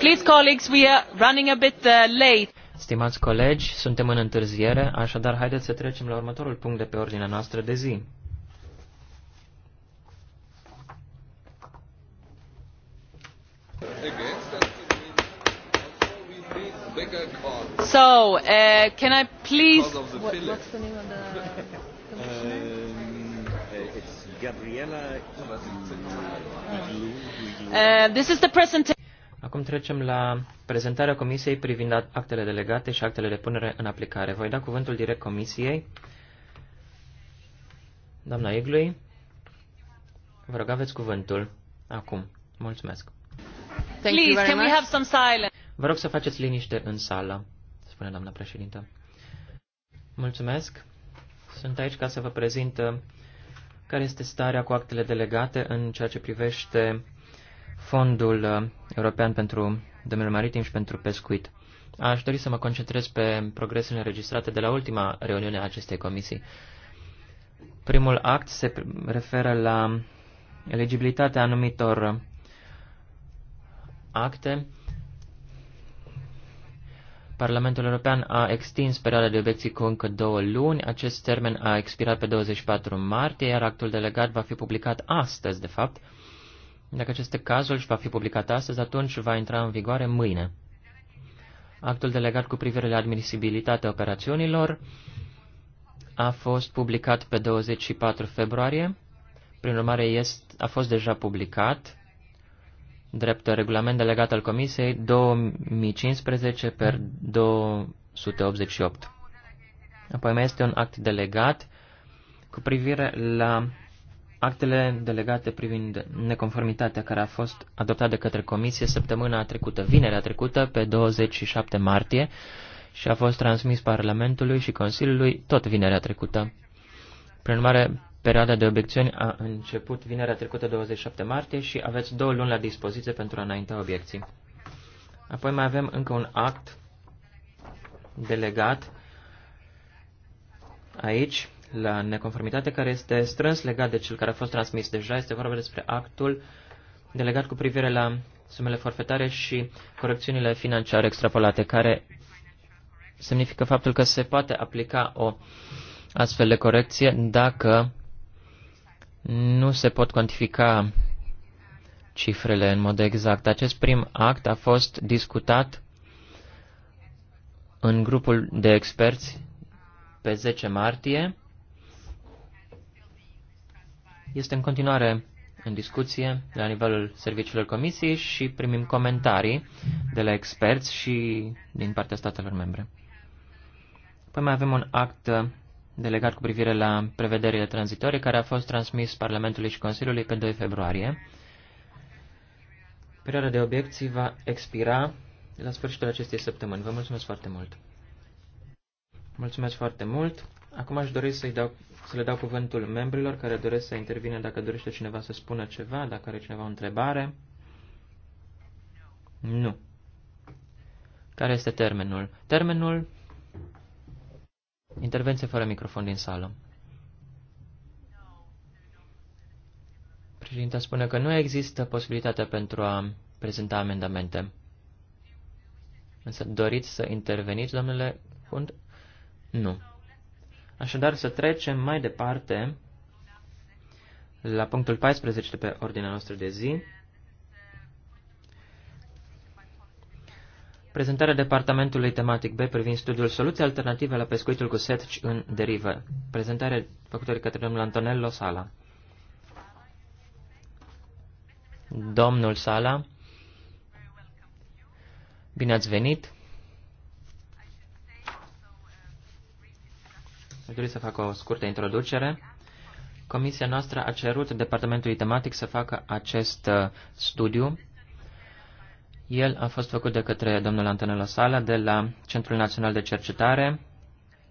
Please, colleagues, we are running a bit uh, late. Stimați colegi, suntem în întârziere, așadar haideți să trecem la următorul punct de pe ordinea noastră de zi. So, uh, can I please... What, what's the name of the... Uh, it's Gabriela. Uh, this is the presentation. Acum trecem la prezentarea Comisiei privind actele delegate și actele de punere în aplicare. Voi da cuvântul direct Comisiei. Doamna Iglui, vă rog, aveți cuvântul. Acum. Mulțumesc. Thank Please, you very can much. we have some silence? Vă rog să faceți liniște în sală, spune doamna președintă. Mulțumesc. Sunt aici ca să vă prezint uh, care este starea cu actele delegate în ceea ce privește Fondul uh, European pentru domeniul maritim și pentru pescuit. Aș dori să mă concentrez pe progresele înregistrate de la ultima reuniune a acestei comisii. Primul act se referă la eligibilitatea anumitor acte. Parlamentul European a extins perioada de obiecții cu încă două luni. Acest termen a expirat pe 24 martie, iar actul delegat va fi publicat astăzi, de fapt. Dacă acest cazul și va fi publicat astăzi, atunci va intra în vigoare mâine. Actul delegat cu privire la admisibilitatea operațiunilor a fost publicat pe 24 februarie, prin urmare este, a fost deja publicat drept regulament delegat al Comisiei 2015 per 288. Apoi mai este un act delegat cu privire la Actele delegate privind neconformitatea care a fost adoptat de către Comisie săptămâna trecută, vinerea trecută, pe 27 martie, și a fost transmis Parlamentului și Consiliului tot vinerea trecută. Prin urmare, perioada de obiecțiuni a început vinerea trecută 27 martie și aveți două luni la dispoziție pentru a înainta obiecții. Apoi mai avem încă un act delegat aici la neconformitate, care este strâns legat de cel care a fost transmis deja. Este vorba despre actul delegat cu privire la sumele forfetare și corecțiunile financiare extrapolate, care semnifică faptul că se poate aplica o astfel de corecție dacă nu se pot cuantifica cifrele în mod exact. Acest prim act a fost discutat în grupul de experți pe 10 martie este în continuare în discuție la nivelul serviciilor comisiei și primim comentarii de la experți și din partea statelor membre. Păi mai avem un act delegat cu privire la prevederile tranzitorii care a fost transmis Parlamentului și Consiliului pe 2 februarie. Perioada de obiecții va expira la sfârșitul acestei săptămâni. Vă mulțumesc foarte mult! Mulțumesc foarte mult! Acum aș dori să-i dau să le dau cuvântul membrilor care doresc să intervine dacă dorește cineva să spună ceva, dacă are cineva o întrebare. Nu. Care este termenul? Termenul... Intervenție fără microfon din sală. Președinta spune că nu există posibilitatea pentru a prezenta amendamente. Însă doriți să interveniți, domnule Hund? Nu. Așadar, să trecem mai departe la punctul 14 de pe ordinea noastră de zi. Prezentarea departamentului tematic B privind studiul soluții alternative la pescuitul cu setci în derivă. Prezentare făcută de către domnul Antonello Sala. Domnul Sala, bine ați venit! Aș dori să fac o scurtă introducere. Comisia noastră a cerut departamentului tematic să facă acest uh, studiu. El a fost făcut de către domnul Antonello Sala de la Centrul Național de Cercetare,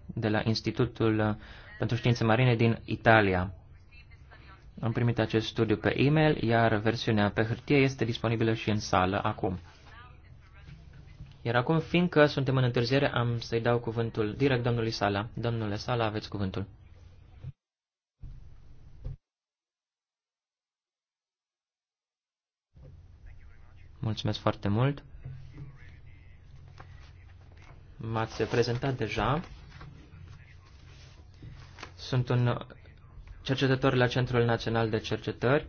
de la Institutul uh, pentru Științe Marine din Italia. Am primit acest studiu pe e-mail, iar versiunea pe hârtie este disponibilă și în sală acum. Iar acum, fiindcă suntem în întârziere, am să-i dau cuvântul direct domnului Sala. Domnule Sala, aveți cuvântul. Mulțumesc foarte mult. M-ați prezentat deja. Sunt un cercetător la Centrul Național de Cercetări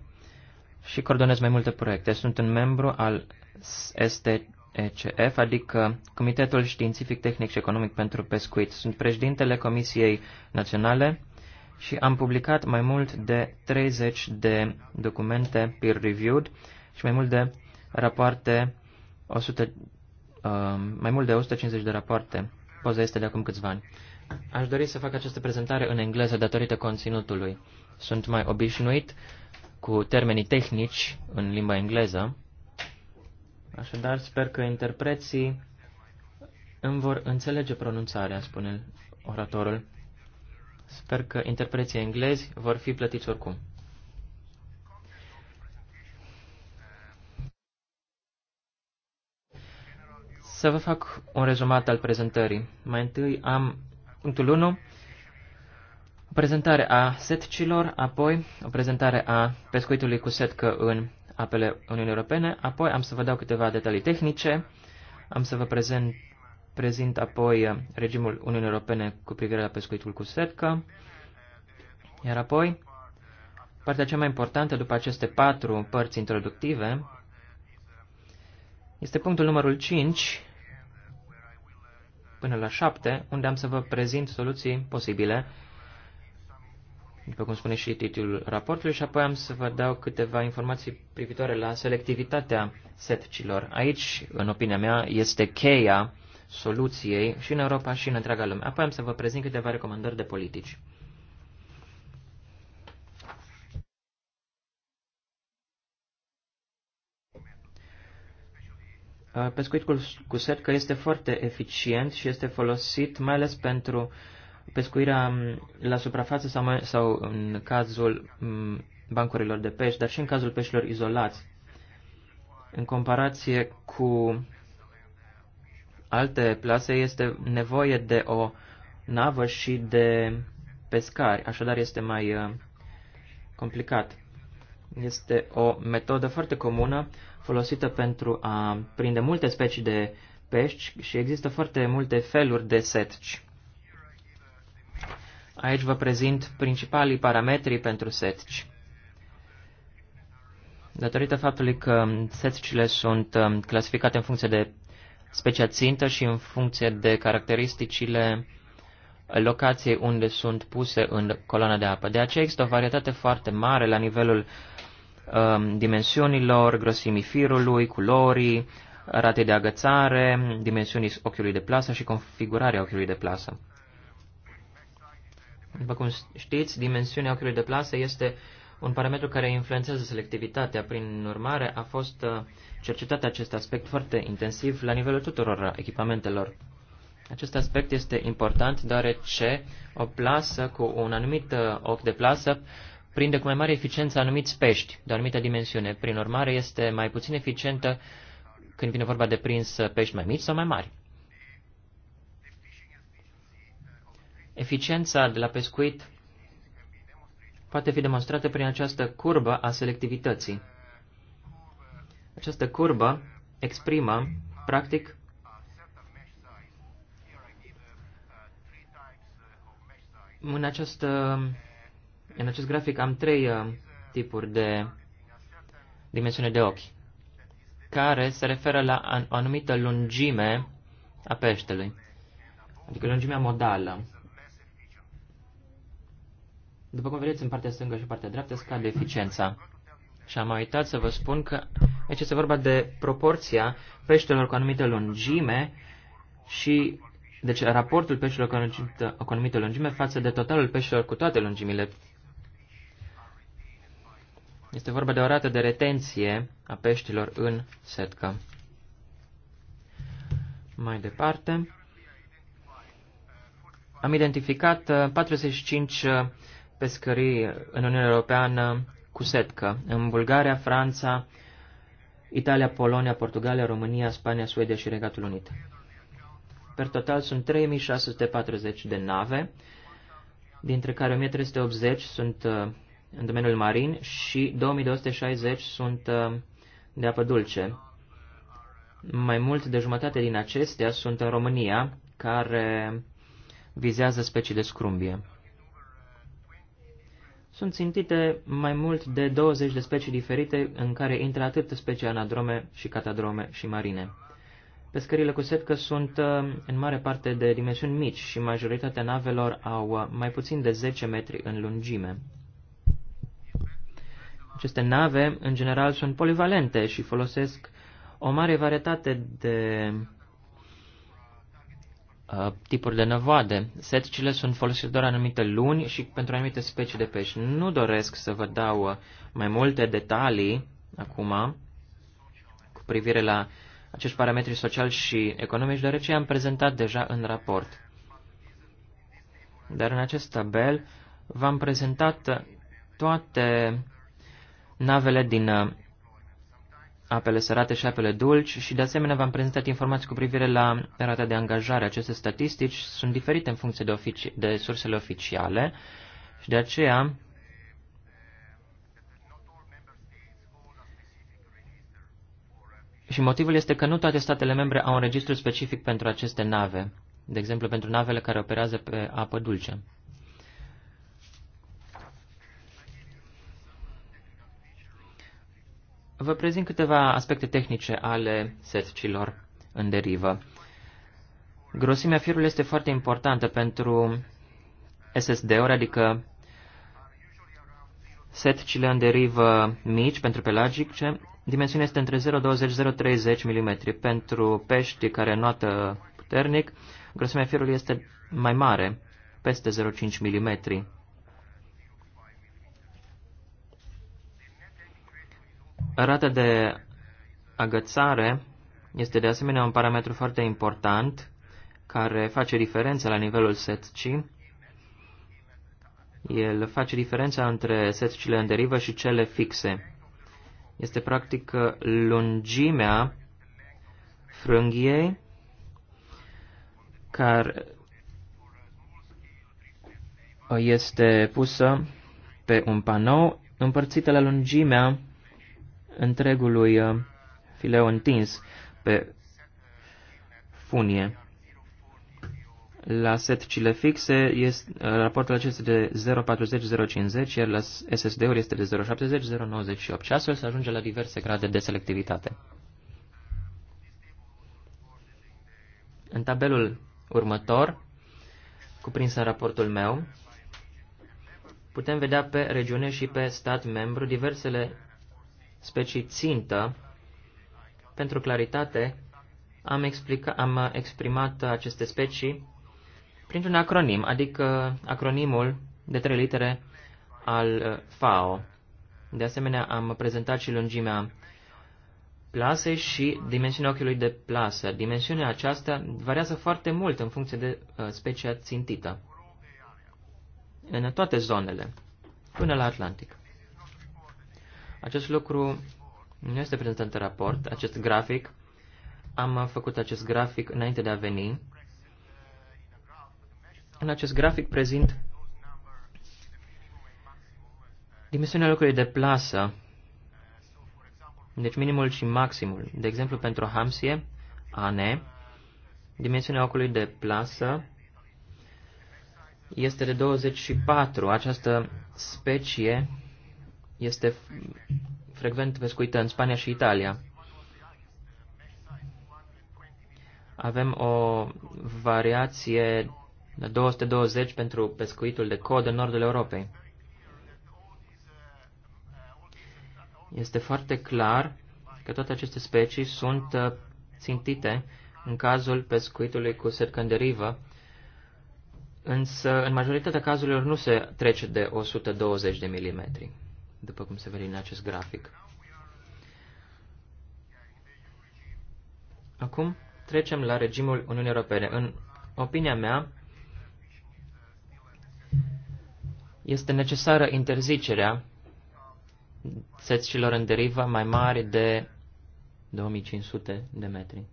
și coordonez mai multe proiecte. Sunt un membru al STC. ECF, adică Comitetul Științific, Tehnic și Economic pentru Pescuit. Sunt președintele Comisiei Naționale și am publicat mai mult de 30 de documente peer-reviewed și mai mult de rapoarte, 100, uh, um, mai mult de 150 de rapoarte. Poza este de acum câțiva ani. Aș dori să fac această prezentare în engleză datorită conținutului. Sunt mai obișnuit cu termenii tehnici în limba engleză, Așadar, sper că interpreții îmi vor înțelege pronunțarea, spune oratorul. Sper că interpreții englezi vor fi plătiți oricum. Să vă fac un rezumat al prezentării. Mai întâi am punctul 1, o prezentare a setcilor, apoi o prezentare a pescuitului cu setcă în apele Uniunii Europene, apoi am să vă dau câteva detalii tehnice, am să vă prezent, prezint apoi uh, regimul Uniunii Europene cu privire la pescuitul cu setcă, iar apoi partea cea mai importantă după aceste patru părți introductive este punctul numărul 5 până la 7, unde am să vă prezint soluții posibile după cum spune și titlul raportului, și apoi am să vă dau câteva informații privitoare la selectivitatea setcilor. Aici, în opinia mea, este cheia soluției și în Europa și în întreaga lume. Apoi am să vă prezint câteva recomandări de politici. Pescuitul cu set că este foarte eficient și este folosit mai ales pentru uh, pescuirea mm, la suprafață sau, mai, sau în cazul mm, bancurilor de pești, dar și în cazul peștilor izolați. În comparație cu alte plase, este nevoie de o navă și de pescari, așadar este mai uh, complicat. Este o metodă foarte comună folosită pentru a prinde multe specii de pești și există foarte multe feluri de setci. Aici vă prezint principalii parametri pentru setci. Datorită faptului că setcile sunt um, clasificate în funcție de specia țintă și în funcție de caracteristicile locației unde sunt puse în coloana de apă. De aceea există o varietate foarte mare la nivelul um, dimensiunilor, grosimii firului, culorii, ratei de agățare, dimensiunii ochiului de plasă și configurarea ochiului de plasă. După cum știți, dimensiunea ochiului de plasă este un parametru care influențează selectivitatea. Prin urmare, a fost uh, cercetat acest aspect foarte intensiv la nivelul tuturor echipamentelor. Acest aspect este important deoarece o plasă cu un anumit uh, ochi de plasă prinde cu mai mare eficiență anumiți pești de o anumită dimensiune. Prin urmare, este mai puțin eficientă când vine vorba de prins uh, pești mai mici sau mai mari. Eficiența de la pescuit poate fi demonstrată prin această curbă a selectivității. Această curbă exprimă, practic, în, această, în acest grafic am trei uh, tipuri de dimensiune de ochi, care se referă la o anumită lungime a peștelui, adică lungimea modală. După cum vedeți, în partea stângă și partea dreaptă scade eficiența. Și am uitat să vă spun că aici este vorba de proporția peștelor cu anumită lungime și deci raportul peștelor cu anumită, cu anumită lungime față de totalul peștelor cu toate lungimile. Este vorba de o rată de retenție a peștilor în setcă. Mai departe, am identificat 45 uh, pescării în Uniunea Europeană cu setcă. În Bulgaria, Franța, Italia, Polonia, Portugalia, România, Spania, Suedia și Regatul Unit. Per total sunt 3640 de nave, dintre care 1380 sunt uh, în domeniul marin și 2260 sunt uh, de apă dulce. Mai mult de jumătate din acestea sunt în România, care vizează specii de scrumbie sunt țintite mai mult de 20 de specii diferite în care intră atât specii anadrome și catadrome și marine. Pescările cu setcă sunt uh, în mare parte de dimensiuni mici și majoritatea navelor au uh, mai puțin de 10 metri în lungime. Aceste nave, în general, sunt polivalente și folosesc o mare varietate de Uh, tipuri de năvoade. Seticile sunt folosite doar anumite luni și pentru anumite specii de pești. Nu doresc să vă dau uh, mai multe detalii acum cu privire la acești parametri sociali și economici, deoarece am prezentat deja în raport. Dar în acest tabel v-am prezentat toate navele din uh, apele sărate și apele dulci și de asemenea v-am prezentat informații cu privire la rata de angajare. Aceste statistici sunt diferite în funcție de, ofici- de sursele oficiale și de aceea Și motivul este că nu toate statele membre au un registru specific pentru aceste nave, de exemplu pentru navele care operează pe apă dulce. Vă prezint câteva aspecte tehnice ale setcilor în derivă. Grosimea firului este foarte importantă pentru SSD-uri, adică setcile în derivă mici pentru pelagice. Dimensiunea este între 0,20-0,30 mm. Pentru pești care noată puternic, grosimea firului este mai mare, peste 0,5 mm. Rata de agățare este de asemenea un parametru foarte important care face diferența la nivelul setci. El face diferența între setcile în derivă și cele fixe. Este practic lungimea frânghiei care este pusă pe un panou împărțită la lungimea întregului uh, fileu întins pe funie. La set cile fixe, este, uh, raportul acesta de 0,40-0,50, iar la SSD-uri este de 0,70-0,98 și astfel se ajunge la diverse grade de selectivitate. În tabelul următor, cuprins în raportul meu, putem vedea pe regiune și pe stat membru diversele specii țintă. Pentru claritate, am, explica, am exprimat aceste specii printr-un acronim, adică acronimul de trei litere al uh, FAO. De asemenea, am prezentat și lungimea plasei și dimensiunea ochiului de plasă. Dimensiunea aceasta variază foarte mult în funcție de uh, specia țintită, în toate zonele, până la Atlantic. Acest lucru nu este prezentat în raport, acest grafic. Am făcut acest grafic înainte de a veni. În acest grafic prezint dimensiunea locului de plasă, deci minimul și maximul. De exemplu, pentru Hamsie, ANE, dimensiunea locului de plasă este de 24. Această specie este frecvent pescuită în Spania și Italia. Avem o variație de 220 pentru pescuitul de cod în nordul Europei. Este foarte clar că toate aceste specii sunt uh, țintite în cazul pescuitului cu set în derivă, însă în majoritatea cazurilor nu se trece de 120 de milimetri după cum se vede în acest grafic. Acum trecem la regimul Uniunii Europene. În opinia mea, este necesară interzicerea seților în derivă mai mari de 2500 de metri.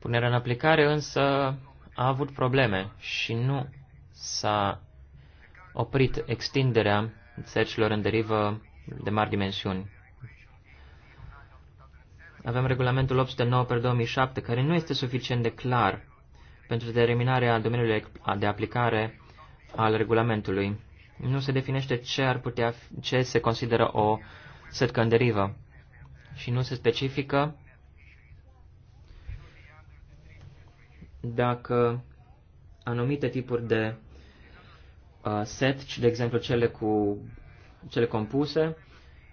Punerea în aplicare însă a avut probleme și nu s-a oprit extinderea țărcilor în derivă de mari dimensiuni. Avem regulamentul 809 per 2007, care nu este suficient de clar pentru determinarea domeniului de aplicare al regulamentului. Nu se definește ce ar putea, ce se consideră o setcă în derivă și nu se specifică dacă anumite tipuri de uh, set, de exemplu cele cu cele compuse,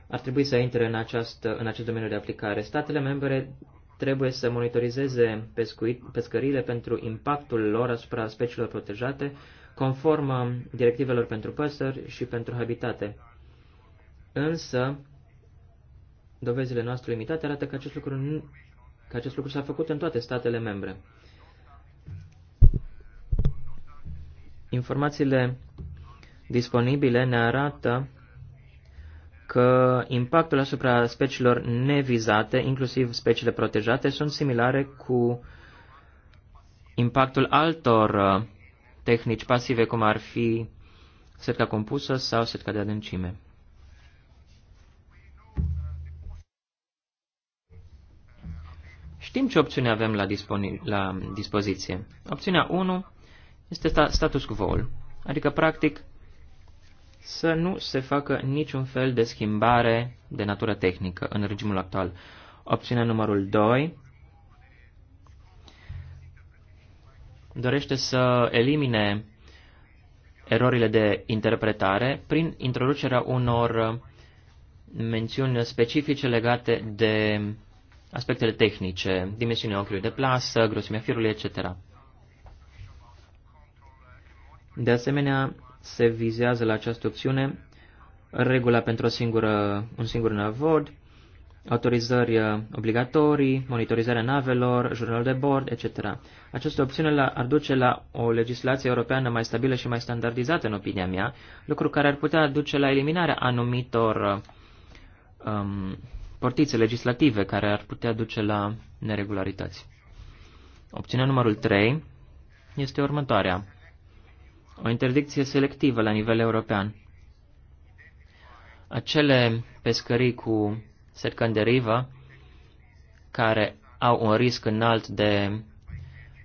ar trebui să intre în, această, în acest domeniu de aplicare. Statele membre trebuie să monitorizeze pescuit, pescările pentru impactul lor asupra speciilor protejate, conform uh, directivelor pentru păsări și pentru habitate. Însă, dovezile noastre limitate arată că acest lucru, că acest lucru s-a făcut în toate statele membre. Informațiile disponibile ne arată că impactul asupra speciilor nevizate, inclusiv speciile protejate, sunt similare cu impactul altor uh, tehnici pasive, cum ar fi setca compusă sau setca de adâncime. Știm ce opțiuni avem la, disponi- la dispoziție. Opțiunea 1 este status quo-ul, adică practic să nu se facă niciun fel de schimbare de natură tehnică în regimul actual. Opțiunea numărul 2 dorește să elimine erorile de interpretare prin introducerea unor mențiuni specifice legate de aspectele tehnice, dimensiunea ochiului de plasă, grosimea firului, etc. De asemenea, se vizează la această opțiune regula pentru o singură, un singur navod, autorizări uh, obligatorii, monitorizarea navelor, jurnal de bord, etc. Această opțiune ar duce la o legislație europeană mai stabilă și mai standardizată, în opinia mea, lucru care ar putea duce la eliminarea anumitor uh, um, portițe legislative care ar putea duce la neregularități. Opțiunea numărul 3 este următoarea o interdicție selectivă la nivel european. Acele pescării cu setcă de rivă, care au un risc înalt de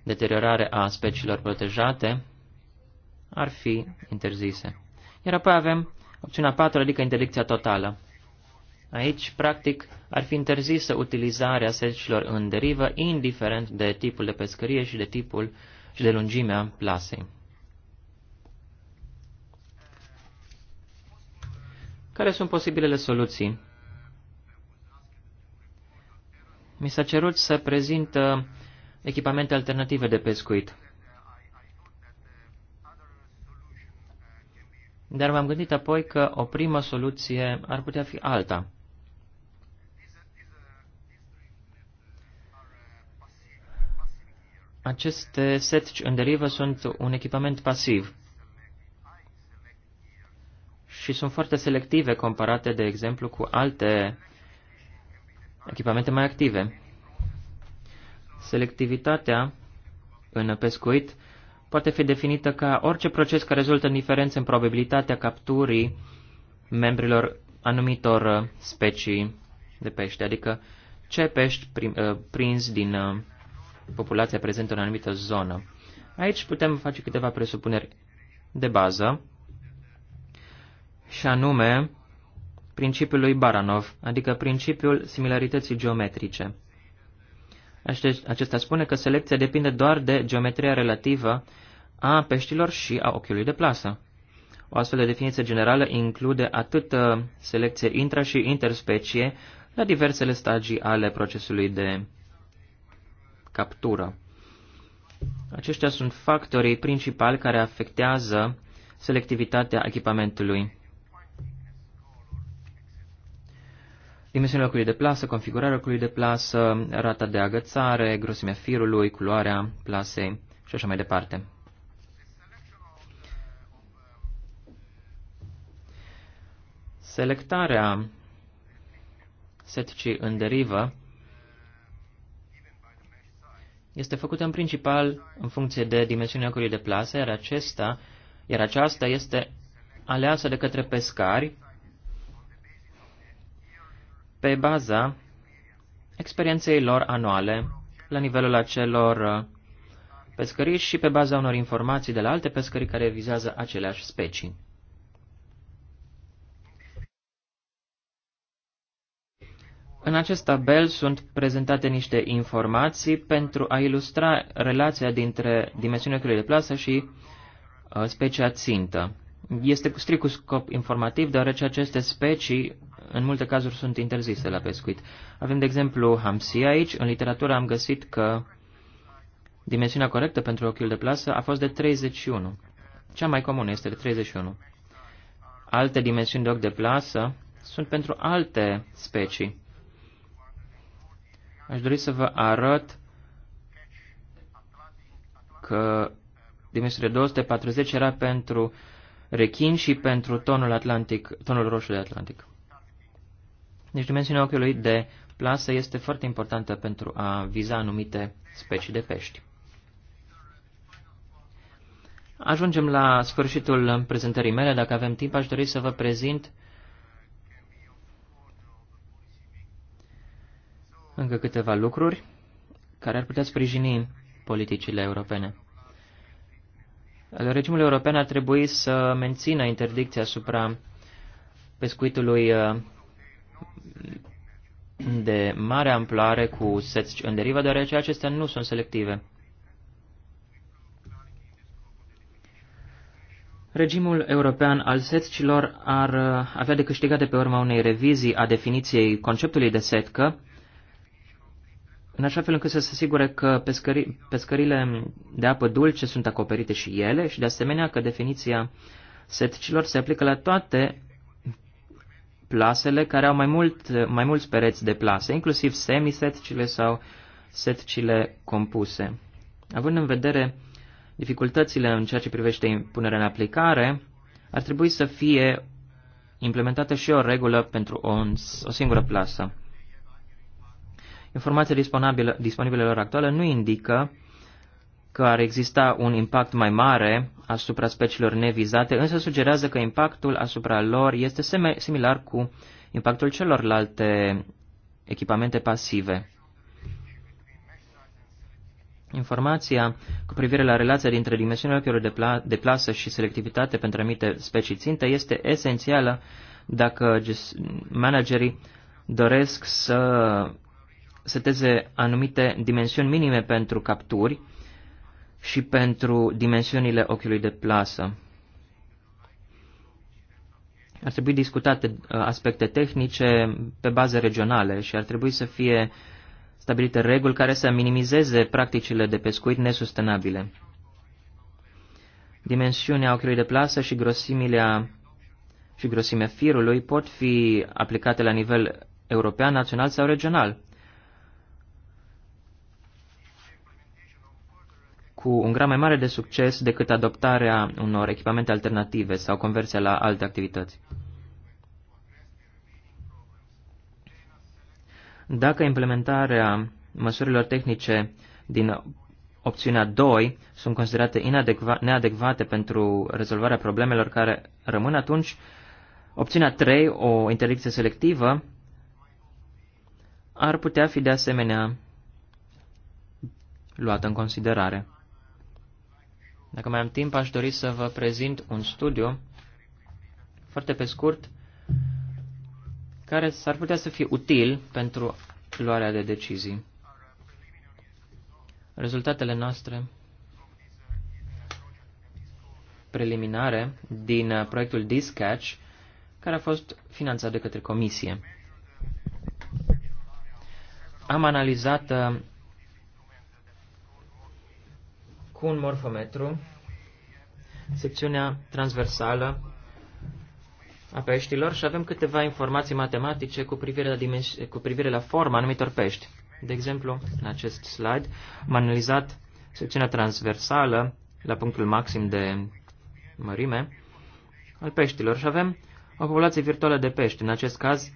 deteriorare a speciilor protejate, ar fi interzise. Iar apoi avem opțiunea 4, adică interdicția totală. Aici, practic, ar fi interzisă utilizarea secilor în derivă, indiferent de tipul de pescărie și de tipul și de lungimea plasei. Care sunt posibilele soluții? Mi s-a cerut să prezint uh, echipamente alternative de pescuit. Dar m-am gândit apoi că o primă soluție ar putea fi alta. Aceste setci în derivă sunt un echipament pasiv și sunt foarte selective comparate, de exemplu, cu alte echipamente mai active. Selectivitatea în pescuit poate fi definită ca orice proces care rezultă în diferențe în probabilitatea capturii membrilor anumitor uh, specii de pește, adică ce pești uh, prins din uh, populația prezentă în anumită zonă. Aici putem face câteva presupuneri de bază și anume principiul lui Baranov, adică principiul similarității geometrice. Acesta spune că selecția depinde doar de geometria relativă a peștilor și a ochiului de plasă. O astfel de definiție generală include atât uh, selecție intra- și interspecie la diversele stagii ale procesului de captură. Aceștia sunt factorii principali care afectează selectivitatea echipamentului. dimensiunea locului de plasă, configurarea locului de plasă, rata de agățare, grosimea firului, culoarea plasei și așa mai departe. Selectarea setcii în derivă este făcută în principal în funcție de dimensiunea locului de plasă, iar, acesta, iar aceasta este aleasă de către pescari pe baza experienței lor anuale la nivelul acelor uh, pescării și pe baza unor informații de la alte pescării care vizează aceleași specii. În acest tabel sunt prezentate niște informații pentru a ilustra relația dintre dimensiunea ochiului de plasă și uh, specia țintă. Este strict cu scop informativ, deoarece aceste specii în multe cazuri sunt interzise la pescuit. Avem, de exemplu, hamsia aici. În literatură am găsit că dimensiunea corectă pentru ochiul de plasă a fost de 31. Cea mai comună este de 31. Alte dimensiuni de ochi de plasă sunt pentru alte specii. Aș dori să vă arăt că dimensiunea 240 era pentru rechin și pentru tonul, atlantic, tonul roșu de Atlantic. Deci dimensiunea ochiului de plasă este foarte importantă pentru a viza anumite specii de pești. Ajungem la sfârșitul prezentării mele. Dacă avem timp, aș dori să vă prezint încă câteva lucruri care ar putea sprijini politicile europene. Regimul european ar trebui să mențină interdicția asupra pescuitului uh, de mare amplare cu setci în derivă, deoarece acestea nu sunt selective. Regimul european al setcilor ar uh, avea de câștigat de pe urma unei revizii a definiției conceptului de setcă, în așa fel încât să se asigure că pescări, pescările de apă dulce sunt acoperite și ele și, de asemenea, că definiția setcilor se aplică la toate plasele care au mai, mult, mai mulți pereți de plase, inclusiv semisetcile sau setcile compuse. Având în vedere dificultățile în ceea ce privește punerea în aplicare, ar trebui să fie implementată și o regulă pentru o, o singură plasă. Informația disponibilă, disponibilă lor actuală nu indică că ar exista un impact mai mare asupra speciilor nevizate, însă sugerează că impactul asupra lor este similar cu impactul celorlalte echipamente pasive. Informația cu privire la relația dintre dimensiunea ochiului de, pla- de plasă și selectivitate pentru anumite specii ținte este esențială dacă managerii doresc să seteze anumite dimensiuni minime pentru capturi și pentru dimensiunile ochiului de plasă. Ar trebui discutate uh, aspecte tehnice pe baze regionale și ar trebui să fie stabilite reguli care să minimizeze practicile de pescuit nesustenabile. Dimensiunea ochiului de plasă și și grosimea firului pot fi aplicate la nivel european, național sau regional. cu un grad mai mare de succes decât adoptarea unor echipamente alternative sau conversia la alte activități. Dacă implementarea măsurilor tehnice din opțiunea 2 sunt considerate neadecvate pentru rezolvarea problemelor care rămân, atunci opțiunea 3, o interdicție selectivă, ar putea fi de asemenea luată în considerare. Dacă mai am timp, aș dori să vă prezint un studiu, foarte pe scurt, care s-ar putea să fie util pentru luarea de decizii. Rezultatele noastre preliminare din uh, proiectul Discatch, care a fost finanțat de către Comisie. Am analizat uh, cu un morfometru, secțiunea transversală a peștilor și avem câteva informații matematice cu privire la, cu privire la forma anumitor pești. De exemplu, în acest slide am analizat secțiunea transversală la punctul maxim de mărime al peștilor și avem o populație virtuală de pești, în acest caz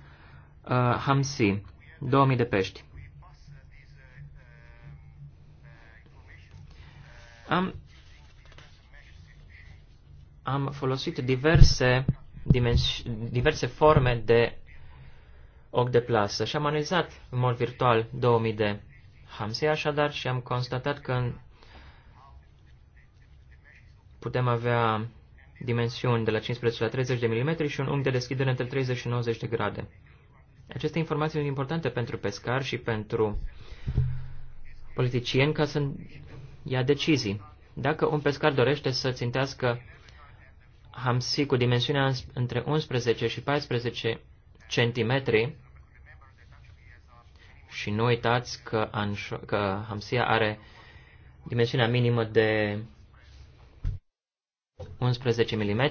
uh, Hamsi, 2000 de pești. Am, am folosit diverse, diverse forme de ochi de plasă și am analizat în mod virtual 2000 de hamsei așadar și am constatat că putem avea dimensiuni de la 15 la 30 de mm și un unghi de deschidere între 30 și 90 de grade. Aceste informații sunt importante pentru pescari și pentru politicieni ca să ia decizii. Dacă un pescar dorește să țintească hamsi cu dimensiunea între 11 și 14 centimetri, și nu uitați că, anșo- că hamsia are dimensiunea minimă de 11 mm,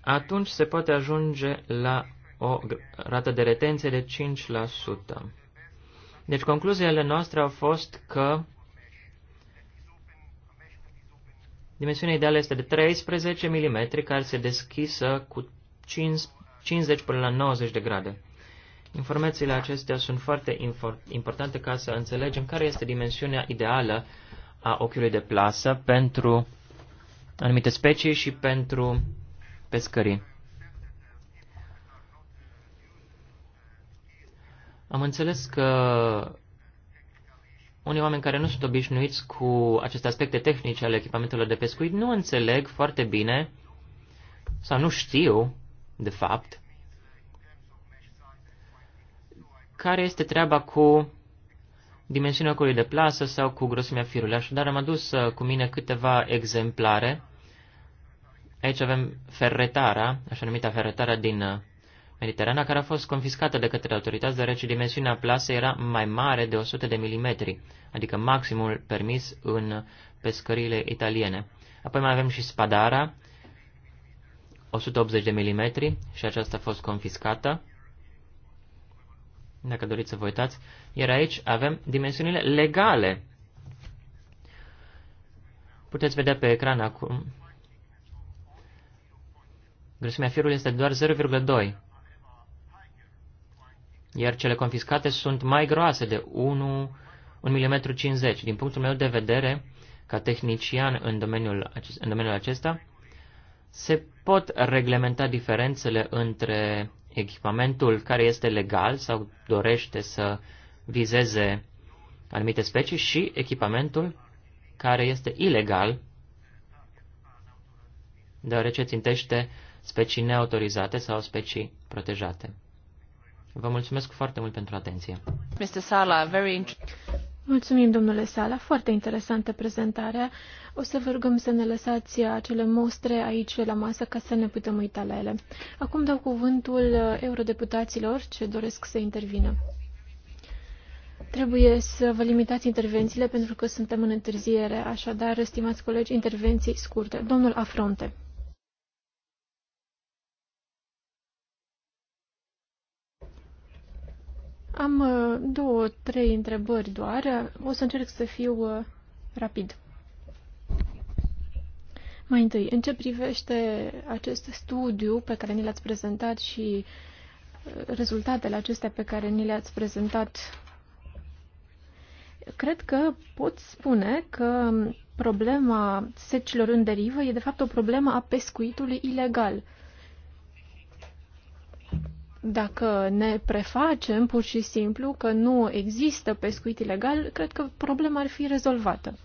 atunci se poate ajunge la o rată de retenție de 5%. Deci concluziile noastre au fost că Dimensiunea ideală este de 13 mm, care se deschisă cu 50 până la 90 de grade. Informațiile acestea sunt foarte importante ca să înțelegem care este dimensiunea ideală a ochiului de plasă pentru anumite specii și pentru pescării. Am înțeles că unii oameni care nu sunt obișnuiți cu aceste aspecte tehnice ale echipamentelor de pescuit nu înțeleg foarte bine sau nu știu, de fapt, care este treaba cu dimensiunea ocului de plasă sau cu grosimea firului. Așadar, am adus uh, cu mine câteva exemplare. Aici avem ferretara, așa numită ferretara din uh, Mediterana, care a fost confiscată de către autorități, deoarece dimensiunea plasei era mai mare de 100 de milimetri, adică maximul permis în pescările italiene. Apoi mai avem și Spadara, 180 de milimetri, și aceasta a fost confiscată. Dacă doriți să vă uitați. Iar aici avem dimensiunile legale. Puteți vedea pe ecran acum Grosimea firului este doar 0,2 iar cele confiscate sunt mai groase de 1, 1 mm. Din punctul meu de vedere, ca tehnician în domeniul, în domeniul acesta, se pot reglementa diferențele între echipamentul care este legal sau dorește să vizeze anumite specii și echipamentul care este ilegal, deoarece țintește specii neautorizate sau specii protejate. Vă mulțumesc foarte mult pentru atenție. Mr. Sala, very Mulțumim, domnule Sala. Foarte interesantă prezentarea. O să vă rugăm să ne lăsați acele mostre aici la masă ca să ne putem uita la ele. Acum dau cuvântul eurodeputaților ce doresc să intervină. Trebuie să vă limitați intervențiile pentru că suntem în întârziere, așadar, stimați colegi, intervenții scurte. Domnul Afronte. Am uh, două, trei întrebări doar. O să încerc să fiu uh, rapid. Mai întâi, în ce privește acest studiu pe care ni l-ați prezentat și uh, rezultatele acestea pe care ni le-ați prezentat, cred că pot spune că problema secilor în derivă e de fapt o problemă a pescuitului ilegal. Dacă ne prefacem pur și simplu că nu există pescuit ilegal, cred că problema ar fi rezolvată.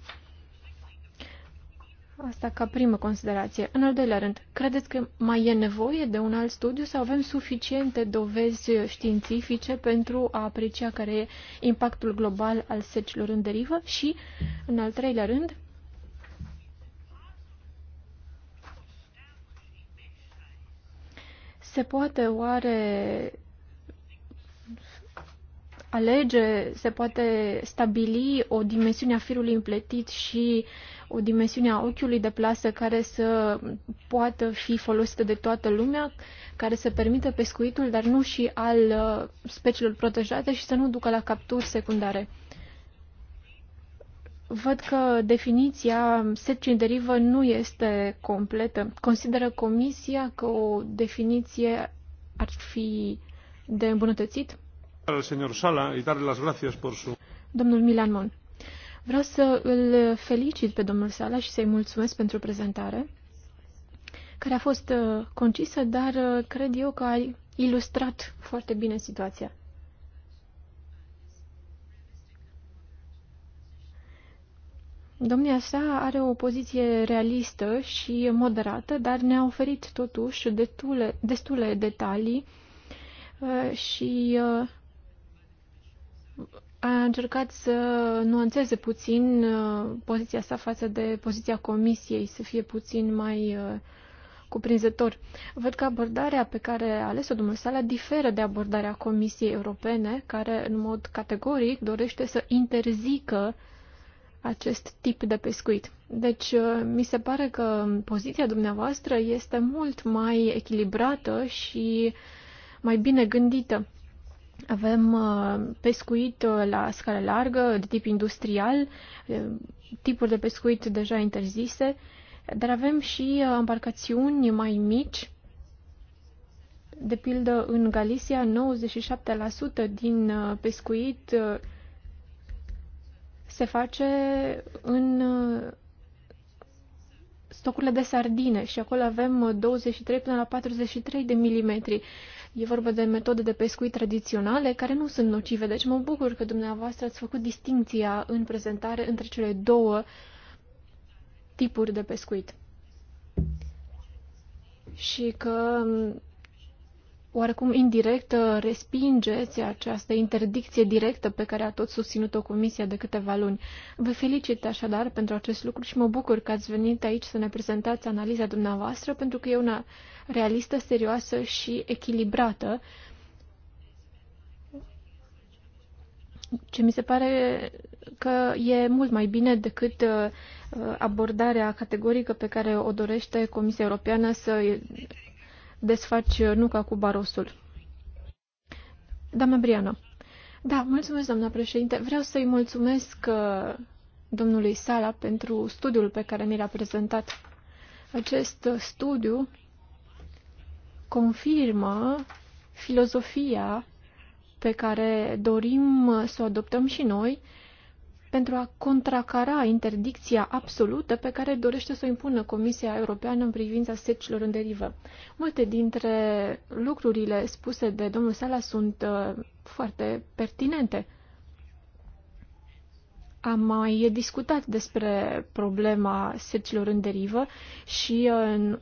Asta ca primă considerație. În al doilea rând, credeți că mai e nevoie de un alt studiu sau avem suficiente dovezi științifice pentru a aprecia care e impactul global al secilor în derivă? Și, în al treilea rând, Se poate oare alege, se poate stabili o dimensiune a firului împletit și o dimensiune a ochiului de plasă care să poată fi folosită de toată lumea, care să permită pescuitul, dar nu și al uh, speciilor protejate și să nu ducă la capturi secundare. Văd că definiția search and derivă nu este completă. Consideră Comisia că o definiție ar fi de îmbunătățit? Domnul Milan Mon. Vreau să îl felicit pe domnul Sala și să-i mulțumesc pentru prezentare, care a fost uh, concisă, dar uh, cred eu că a ilustrat foarte bine situația. Domnia sa are o poziție realistă și moderată, dar ne-a oferit totuși destule, destule detalii uh, și uh, a încercat să nuanțeze puțin uh, poziția sa față de poziția comisiei, să fie puțin mai cuprinzător. Văd că abordarea pe care a ales-o domnul Sala diferă de abordarea Comisiei Europene, care în mod categoric dorește să interzică uh, acest tip de pescuit. Deci, uh, mi se pare că poziția dumneavoastră este mult mai echilibrată și mai bine gândită. Avem uh, pescuit uh, la scară largă, de tip industrial, tipuri de pescuit deja interzise, dar avem și embarcațiuni mai mici. De pildă, în Galicia, 97% din pescuit se face în uh, stocurile de sardine și acolo avem 23 până la 43 de milimetri. E vorba de metode de pescuit tradiționale care nu sunt nocive, deci mă bucur că dumneavoastră ați făcut distinția în prezentare între cele două tipuri de pescuit. Și că um, oarecum indirect uh, respingeți această interdicție directă pe care a tot susținut-o Comisia de câteva luni. Vă felicit așadar pentru acest lucru și mă bucur că ați venit aici să ne prezentați analiza dumneavoastră, pentru că e una realistă, serioasă și echilibrată, ce mi se pare că e mult mai bine decât uh, abordarea categorică pe care o dorește Comisia Europeană să desfaci uh, nuca cu barosul. Doamna Briana. Da, mulțumesc, doamna președinte. Vreau să-i mulțumesc uh, domnului Sala pentru studiul pe care mi l-a prezentat. Acest uh, studiu confirmă filozofia pe care dorim să o adoptăm și noi pentru a contracara interdicția absolută pe care dorește să o impună Comisia Europeană în privința secilor în derivă. Multe dintre lucrurile spuse de domnul Sala sunt uh, foarte pertinente. Am mai discutat despre problema secilor în derivă și, uh,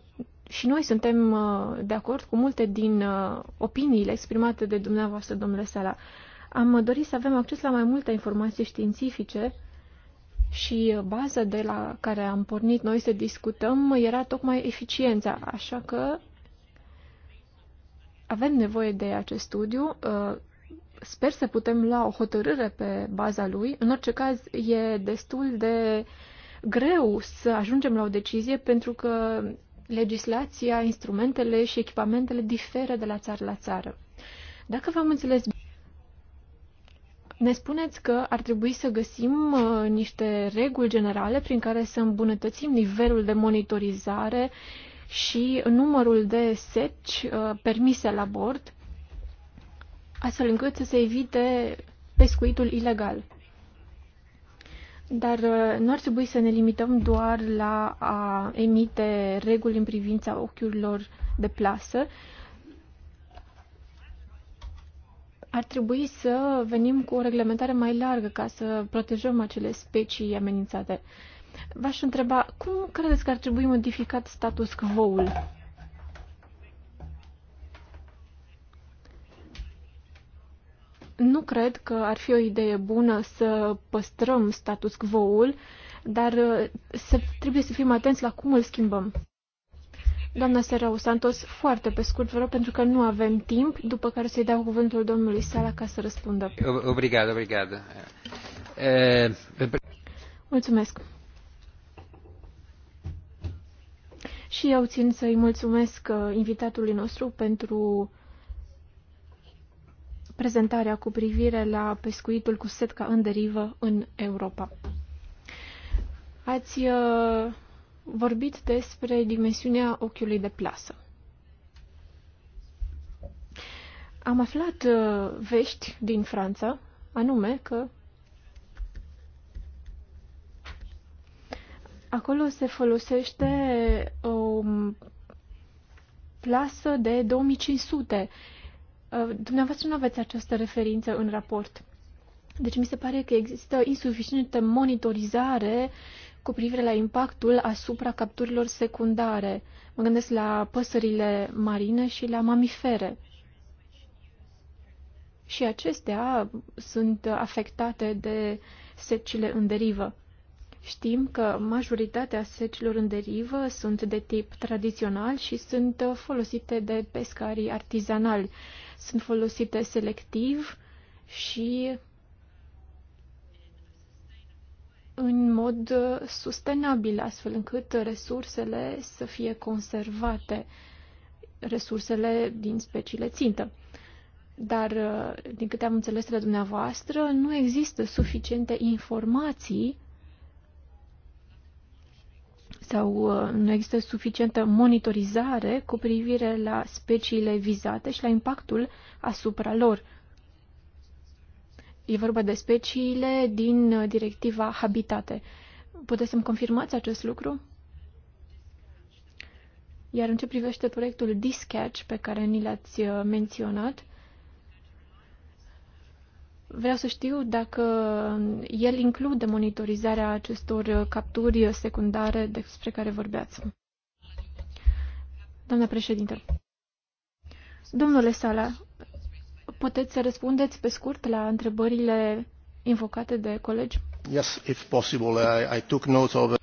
și noi suntem uh, de acord cu multe din opiniile exprimate de dumneavoastră, domnule Sala am dorit să avem acces la mai multe informații științifice și baza de la care am pornit noi să discutăm era tocmai eficiența, așa că avem nevoie de acest studiu. Uh, sper să putem lua o hotărâre pe baza lui. În orice caz, e destul de greu să ajungem la o decizie pentru că legislația, instrumentele și echipamentele diferă de la țară la țară. Dacă v-am înțeles ne spuneți că ar trebui să găsim uh, niște reguli generale prin care să îmbunătățim nivelul de monitorizare și numărul de seci uh, permise la bord, astfel încât să se evite pescuitul ilegal. Dar uh, nu ar trebui să ne limităm doar la a emite reguli în privința ochiurilor de plasă, ar trebui să venim cu o reglementare mai largă ca să protejăm acele specii amenințate. V-aș întreba, cum credeți că ar trebui modificat status quo-ul? Nu cred că ar fi o idee bună să păstrăm status quo-ul, dar uh, să, trebuie să fim atenți la cum îl schimbăm. Doamna Serau Santos, foarte pe scurt, vă rog, pentru că nu avem timp, după care să-i dau cuvântul domnului Sala ca să răspundă. Obrigado, obrigado. Eh, e... Mulțumesc. Și eu țin să-i mulțumesc uh, invitatului nostru pentru prezentarea cu privire la pescuitul cu setca în derivă în Europa. Ați uh, vorbit despre dimensiunea ochiului de plasă. Am aflat uh, vești din Franța, anume că acolo se folosește o plasă de 2500. Uh, dumneavoastră nu aveți această referință în raport. Deci mi se pare că există insuficientă monitorizare uh, cu privire la impactul asupra capturilor secundare. Mă gândesc la păsările marine și la mamifere. Și acestea sunt afectate de secile în derivă. Știm că majoritatea secilor în derivă sunt de tip tradițional și sunt folosite de pescarii artizanali. Sunt folosite selectiv și în mod uh, sustenabil, astfel încât resursele să fie conservate, resursele din speciile țintă. Dar, uh, din câte am înțeles de dumneavoastră, nu există suficiente informații sau uh, nu există suficientă monitorizare cu privire la speciile vizate și la impactul asupra lor. E vorba de speciile din uh, directiva Habitate. Puteți să-mi confirmați acest lucru? Iar în ce privește proiectul Discatch pe care ni l-ați uh, menționat, vreau să știu dacă el include monitorizarea acestor uh, capturi secundare despre care vorbeați. Doamna președinte, domnule Sala, puteți să răspundeți pe scurt la întrebările invocate de colegi? Yes, if possible. I, I took note of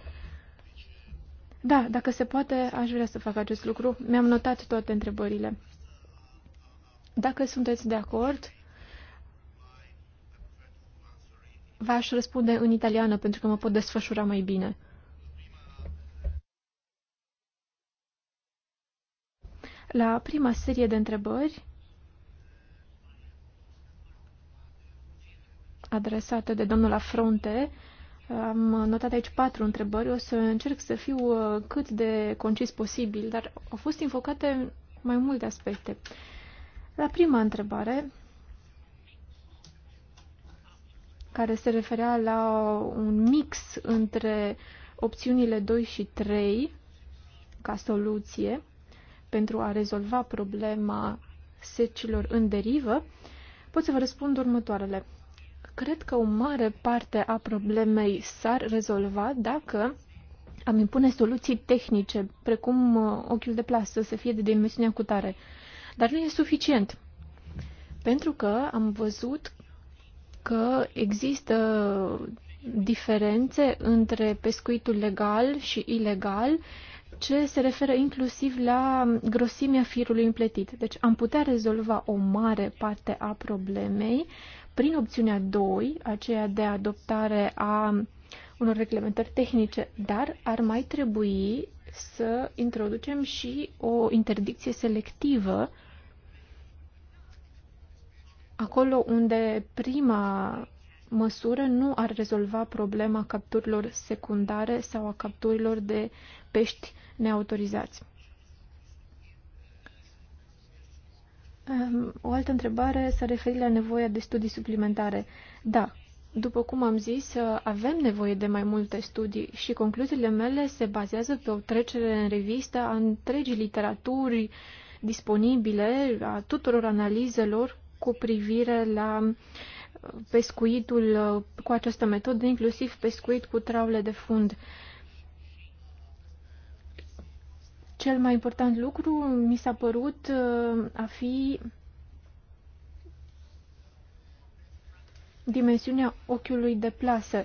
Da, dacă se poate, aș vrea să fac acest lucru. Mi-am notat toate întrebările. Dacă sunteți de acord, v-aș răspunde în italiană pentru că mă pot desfășura mai bine. La prima serie de întrebări, adresată de domnul Afronte. Am notat aici patru întrebări. O să încerc să fiu uh, cât de concis posibil, dar au fost invocate mai multe aspecte. La prima întrebare, care se referea la un mix între opțiunile 2 și 3 ca soluție pentru a rezolva problema secilor în derivă, pot să vă răspund următoarele. Cred că o mare parte a problemei s-ar rezolva dacă am impune soluții tehnice, precum uh, ochiul de plasă să fie de dimensiune acutare, Dar nu e suficient, pentru că am văzut că există diferențe între pescuitul legal și ilegal, ce se referă inclusiv la grosimea firului împletit. Deci am putea rezolva o mare parte a problemei prin opțiunea 2, aceea de adoptare a unor reglementări tehnice, dar ar mai trebui să introducem și o interdicție selectivă acolo unde prima măsură nu ar rezolva problema capturilor secundare sau a capturilor de pești neautorizați. Ehm, o altă întrebare s-a referit la nevoia de studii suplimentare. Da, după cum am zis, ă, avem nevoie de mai multe studii și concluziile mele se bazează pe o trecere în revistă a întregii literaturi disponibile, a tuturor analizelor cu privire la ă, pescuitul ă, cu această metodă, inclusiv pescuit cu traule de fund. Cel mai important lucru mi s-a părut uh, a fi dimensiunea ochiului de plasă.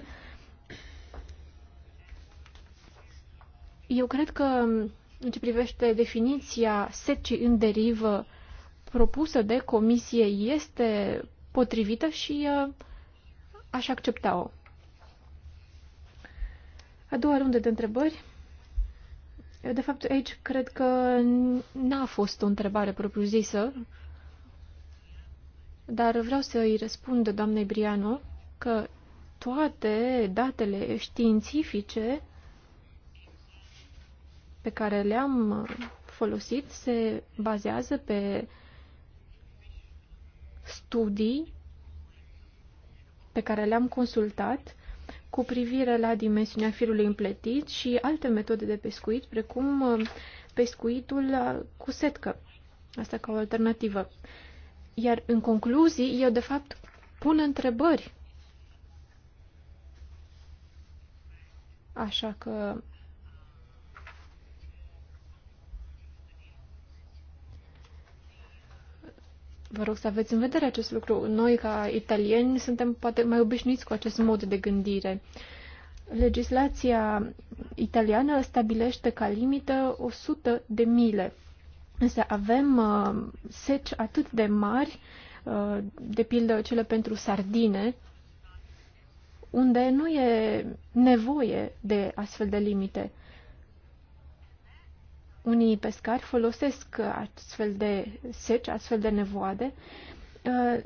Eu cred că în ce privește definiția secii în derivă propusă de comisie este potrivită și uh, aș accepta-o. A doua rundă de întrebări. De fapt, aici cred că n-a fost o întrebare propriu-zisă, dar vreau să îi răspund doamnei Briano că toate datele științifice pe care le-am folosit se bazează pe studii pe care le-am consultat cu privire la dimensiunea firului împletit și alte metode de pescuit, precum uh, pescuitul uh, cu setcă. Asta ca o alternativă. Iar în concluzii, eu de fapt pun întrebări. Așa că Vă rog să aveți în vedere acest lucru. Noi, ca italieni, suntem poate mai obișnuiți cu acest mod de gândire. Legislația italiană stabilește ca limită 100 de mile. Însă avem uh, seci atât de mari, uh, de pildă cele pentru sardine, unde nu e nevoie de astfel de limite unii pescari folosesc astfel de seci, astfel de nevoade, uh,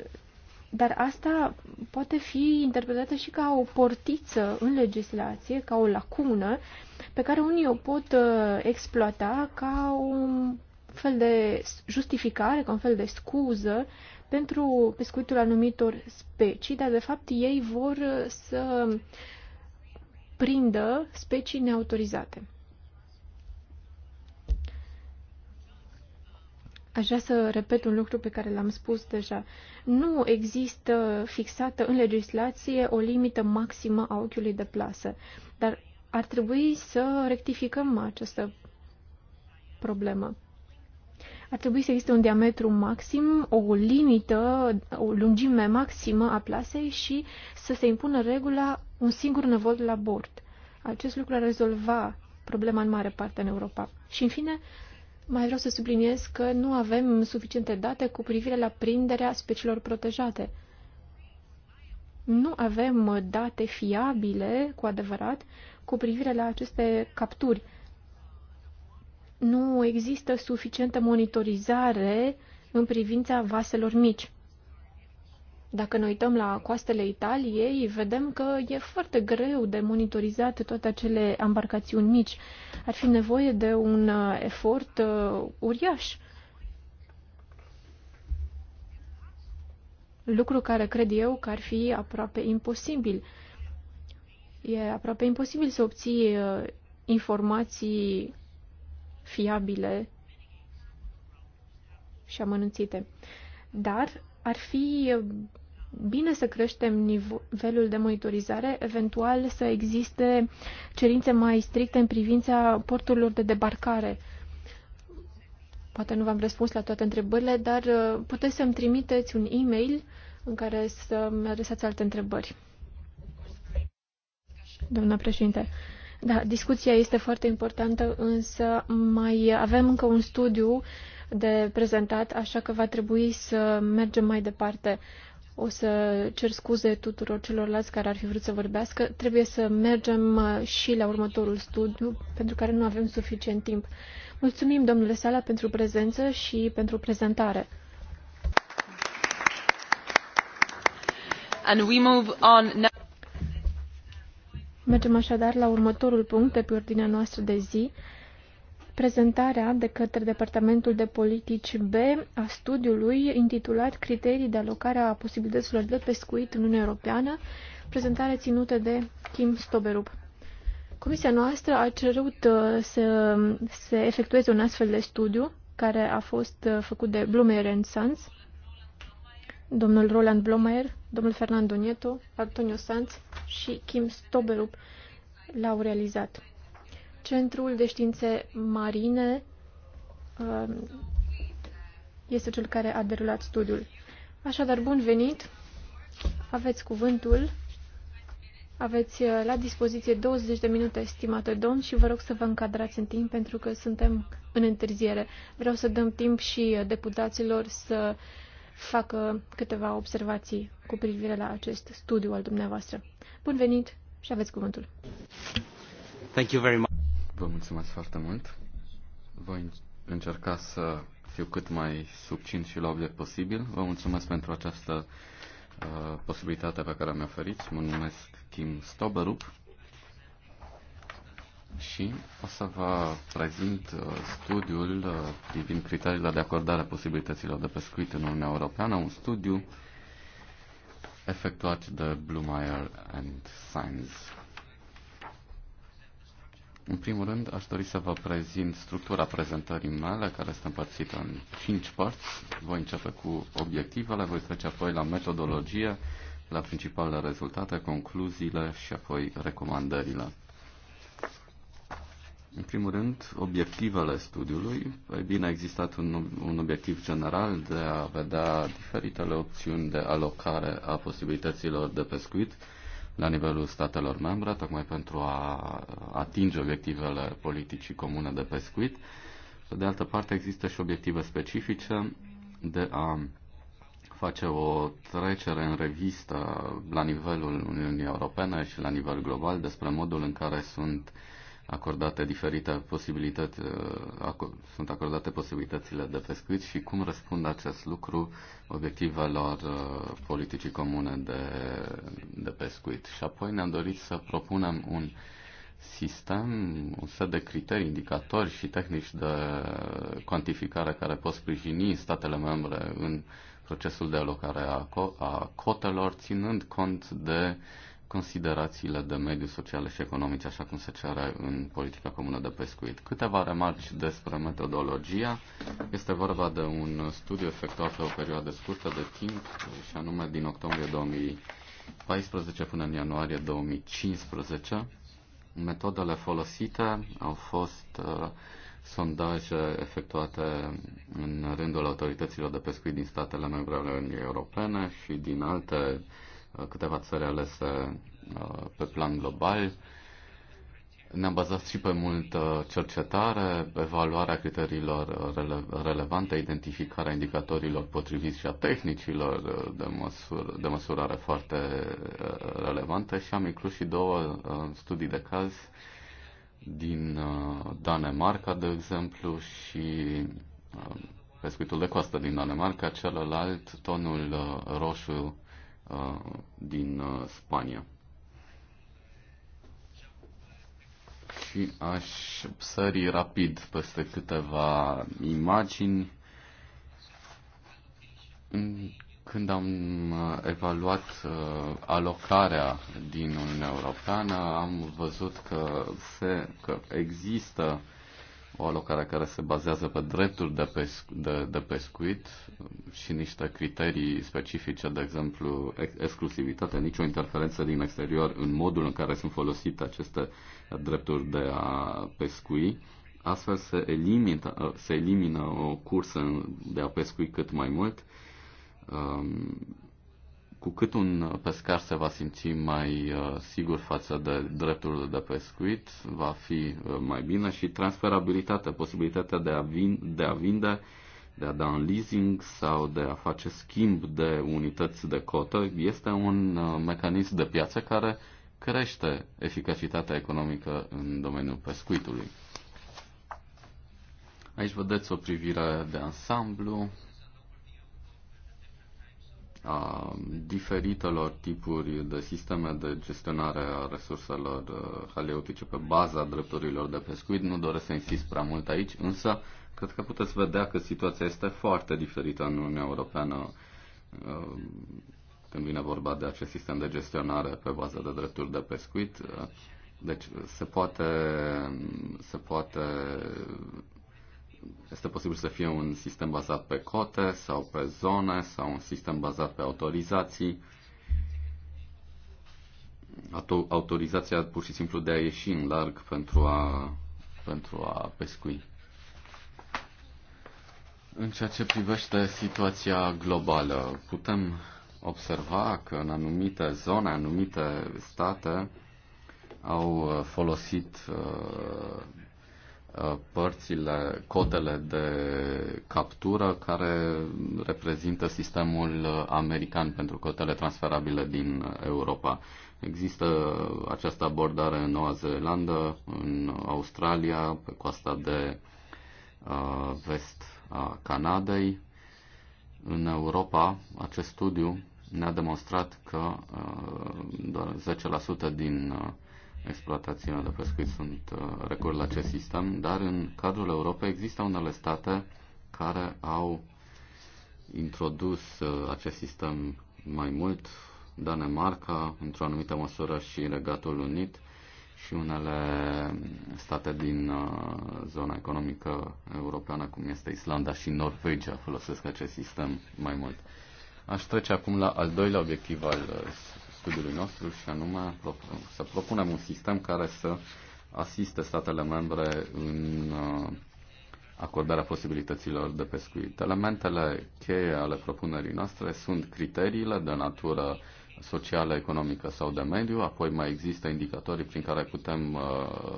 dar asta poate fi interpretată și ca o portiță în legislație, ca o lacună pe care unii o pot uh, exploata ca un fel de justificare, ca un fel de scuză pentru pescuitul anumitor specii, dar de fapt ei vor uh, să prindă specii neautorizate. Aș vrea să repet un lucru pe care l-am spus deja. Nu există fixată în legislație o limită maximă a ochiului de plasă, dar ar trebui să rectificăm această problemă. Ar trebui să existe un diametru maxim, o limită, o lungime maximă a plasei și să se impună regula un singur năvod la bord. Acest lucru ar rezolva problema în mare parte în Europa. Și, în fine, mai vreau să subliniez că nu avem suficiente date cu privire la prinderea speciilor protejate. Nu avem date fiabile, cu adevărat, cu privire la aceste capturi. Nu există suficientă monitorizare în privința vaselor mici. Dacă ne uităm la coastele Italiei, vedem că e foarte greu de monitorizat toate acele embarcațiuni mici. Ar fi nevoie de un uh, efort uh, uriaș. Lucru care cred eu că ar fi aproape imposibil. E aproape imposibil să obții uh, informații fiabile și amănânțite. Dar ar fi uh, bine să creștem nivelul de monitorizare, eventual să existe cerințe mai stricte în privința porturilor de debarcare. Poate nu v-am răspuns la toate întrebările, dar uh, puteți să-mi trimiteți un e-mail în care să-mi adresați alte întrebări. Doamna președinte, da, discuția este foarte importantă, însă mai avem încă un studiu de prezentat, așa că va trebui să mergem mai departe o să cer scuze tuturor celorlalți care ar fi vrut să vorbească. Trebuie să mergem uh, și la următorul studiu, pentru care nu avem suficient timp. Mulțumim, domnule Sala, pentru prezență și pentru prezentare. And we move on now. Mergem așadar la următorul punct de pe ordinea noastră de zi, prezentarea de către Departamentul de Politici B a studiului intitulat Criterii de alocare a posibilităților de pescuit în Uniunea Europeană, prezentare ținută de Kim Stoberup. Comisia noastră a cerut uh, să se efectueze un astfel de studiu, care a fost uh, făcut de Blumer Sanz, domnul Roland Blomer, domnul Fernando Nieto, Antonio Sanz și Kim Stoberup l-au realizat. Centrul de Științe Marine um, este cel care a derulat studiul. Așadar, bun venit! Aveți cuvântul. Aveți uh, la dispoziție 20 de minute, estimată domn, și vă rog să vă încadrați în timp pentru că suntem în întârziere. Vreau să dăm timp și uh, deputaților să facă câteva observații cu privire la acest studiu al dumneavoastră. Bun venit și aveți cuvântul. Thank you very much. Vă mulțumesc foarte mult. Voi încerca să fiu cât mai subțin și la obiect posibil. Vă mulțumesc pentru această uh, posibilitate pe care mi-a oferit. Mă numesc Kim Stoberup și o să vă prezint uh, studiul uh, privind criteriile de acordare a posibilităților de pescuit în Uniunea Europeană, un studiu efectuat de Blumeyer and Science. În primul rând, aș dori să vă prezint structura prezentării mele, care este împărțită în 5 părți. Voi începe cu obiectivele, voi trece apoi la metodologie, la principalele rezultate, concluziile și apoi recomandările. În primul rând, obiectivele studiului. E bine, a existat un, un obiectiv general de a vedea diferitele opțiuni de alocare a posibilităților de pescuit la nivelul statelor membre, tocmai pentru a atinge obiectivele politicii comune de pescuit. Pe de altă parte, există și obiective specifice de a face o trecere în revistă la nivelul Uniunii Europene și la nivel global despre modul în care sunt uh, acordate diferite posibilități, uh, sunt acordate posibilitățile de pescuit și cum răspund acest lucru obiectivelor uh, politicii comune de, de pescuit. Și apoi ne-am dorit să propunem un sistem, un set de criterii, indicatori și tehnici de cuantificare care pot sprijini statele membre în procesul de alocare a, co- a cotelor, ținând cont de uh, considerațiile de mediu sociale și economice, așa cum se cere în politica comună de pescuit. Câteva remarci despre metodologia. Este vorba de un studiu efectuat pe o perioadă scurtă de timp, și anume din octombrie 2014 până în ianuarie 2015. Metodele folosite au fost uh, sondaje efectuate în rândul autorităților de pescuit din statele membre ale Uniunii Europene și din alte uh, câteva țări alese uh, pe plan global. Ne-am bazat și pe multă cercetare, evaluarea criteriilor rele- relevante, identificarea indicatorilor potriviți și a tehnicilor uh, de, măsur- de măsurare foarte uh, relevante și am inclus și două studii de caz din Danemarca, de exemplu, și pescuitul de coastă din Danemarca, celălalt tonul roșu Uh, din uh, Spania. Și aș sări rapid peste câteva imagini. Când am uh, evaluat alocarea din Uniunea Europeană, am văzut că, se, că există o alocare care se bazează pe drepturi de, pesc- de, de pescuit și niște criterii specifice, de exemplu exclusivitate, nicio interferență din exterior în modul în care sunt folosite aceste drepturi de a pescui. Astfel se, elimina, se elimină o cursă de a pescui cât mai mult. Um, cu cât un pescar se va simți mai uh, sigur față de drepturile de pescuit, va fi uh, mai bine și transferabilitatea, posibilitatea de a, vin, de a vinde, de a da în leasing sau de a face schimb de unități de cotă, este un uh, mecanism de piață care crește eficacitatea economică în domeniul pescuitului. Aici vedeți o privire de ansamblu a diferitelor tipuri de sisteme de gestionare a resurselor uh, haleutice pe baza drepturilor de pescuit. Nu doresc să insist prea mult aici, însă cred că puteți vedea că situația este foarte diferită în Uniunea Europeană uh, când vine vorba de acest sistem de gestionare pe bază de drepturi de pescuit. Uh, deci se poate, se poate este posibil să fie un sistem bazat pe cote sau pe zone sau un sistem bazat pe autorizații. Autorizația pur și simplu de a ieși în larg pentru a, pentru a pescui. În ceea ce privește situația globală, putem observa că în anumite zone, anumite state au folosit uh, Uh, părțile, cotele de captură care reprezintă sistemul uh, american pentru cotele transferabile din uh, Europa. Există această abordare în Noua Zeelandă, în Australia, pe coasta de uh, vest a Canadei. În Europa, acest studiu ne-a demonstrat că uh, doar 10% din uh, exploatațiile de pescuit sunt uh, recurs la acest sistem, dar în cadrul Europei există unele state care au introdus uh, acest sistem mai mult, Danemarca, într-o anumită măsură și Regatul Unit și unele state din uh, zona economică europeană, cum este Islanda și Norvegia, folosesc acest sistem mai mult. Aș trece acum la al doilea obiectiv al studiului nostru și anume să propunem un sistem care să asiste statele membre în uh, acordarea posibilităților de pescuit. Elementele cheie ale propunerii noastre sunt criteriile de natură socială, economică sau de mediu, apoi mai există indicatorii prin care putem uh,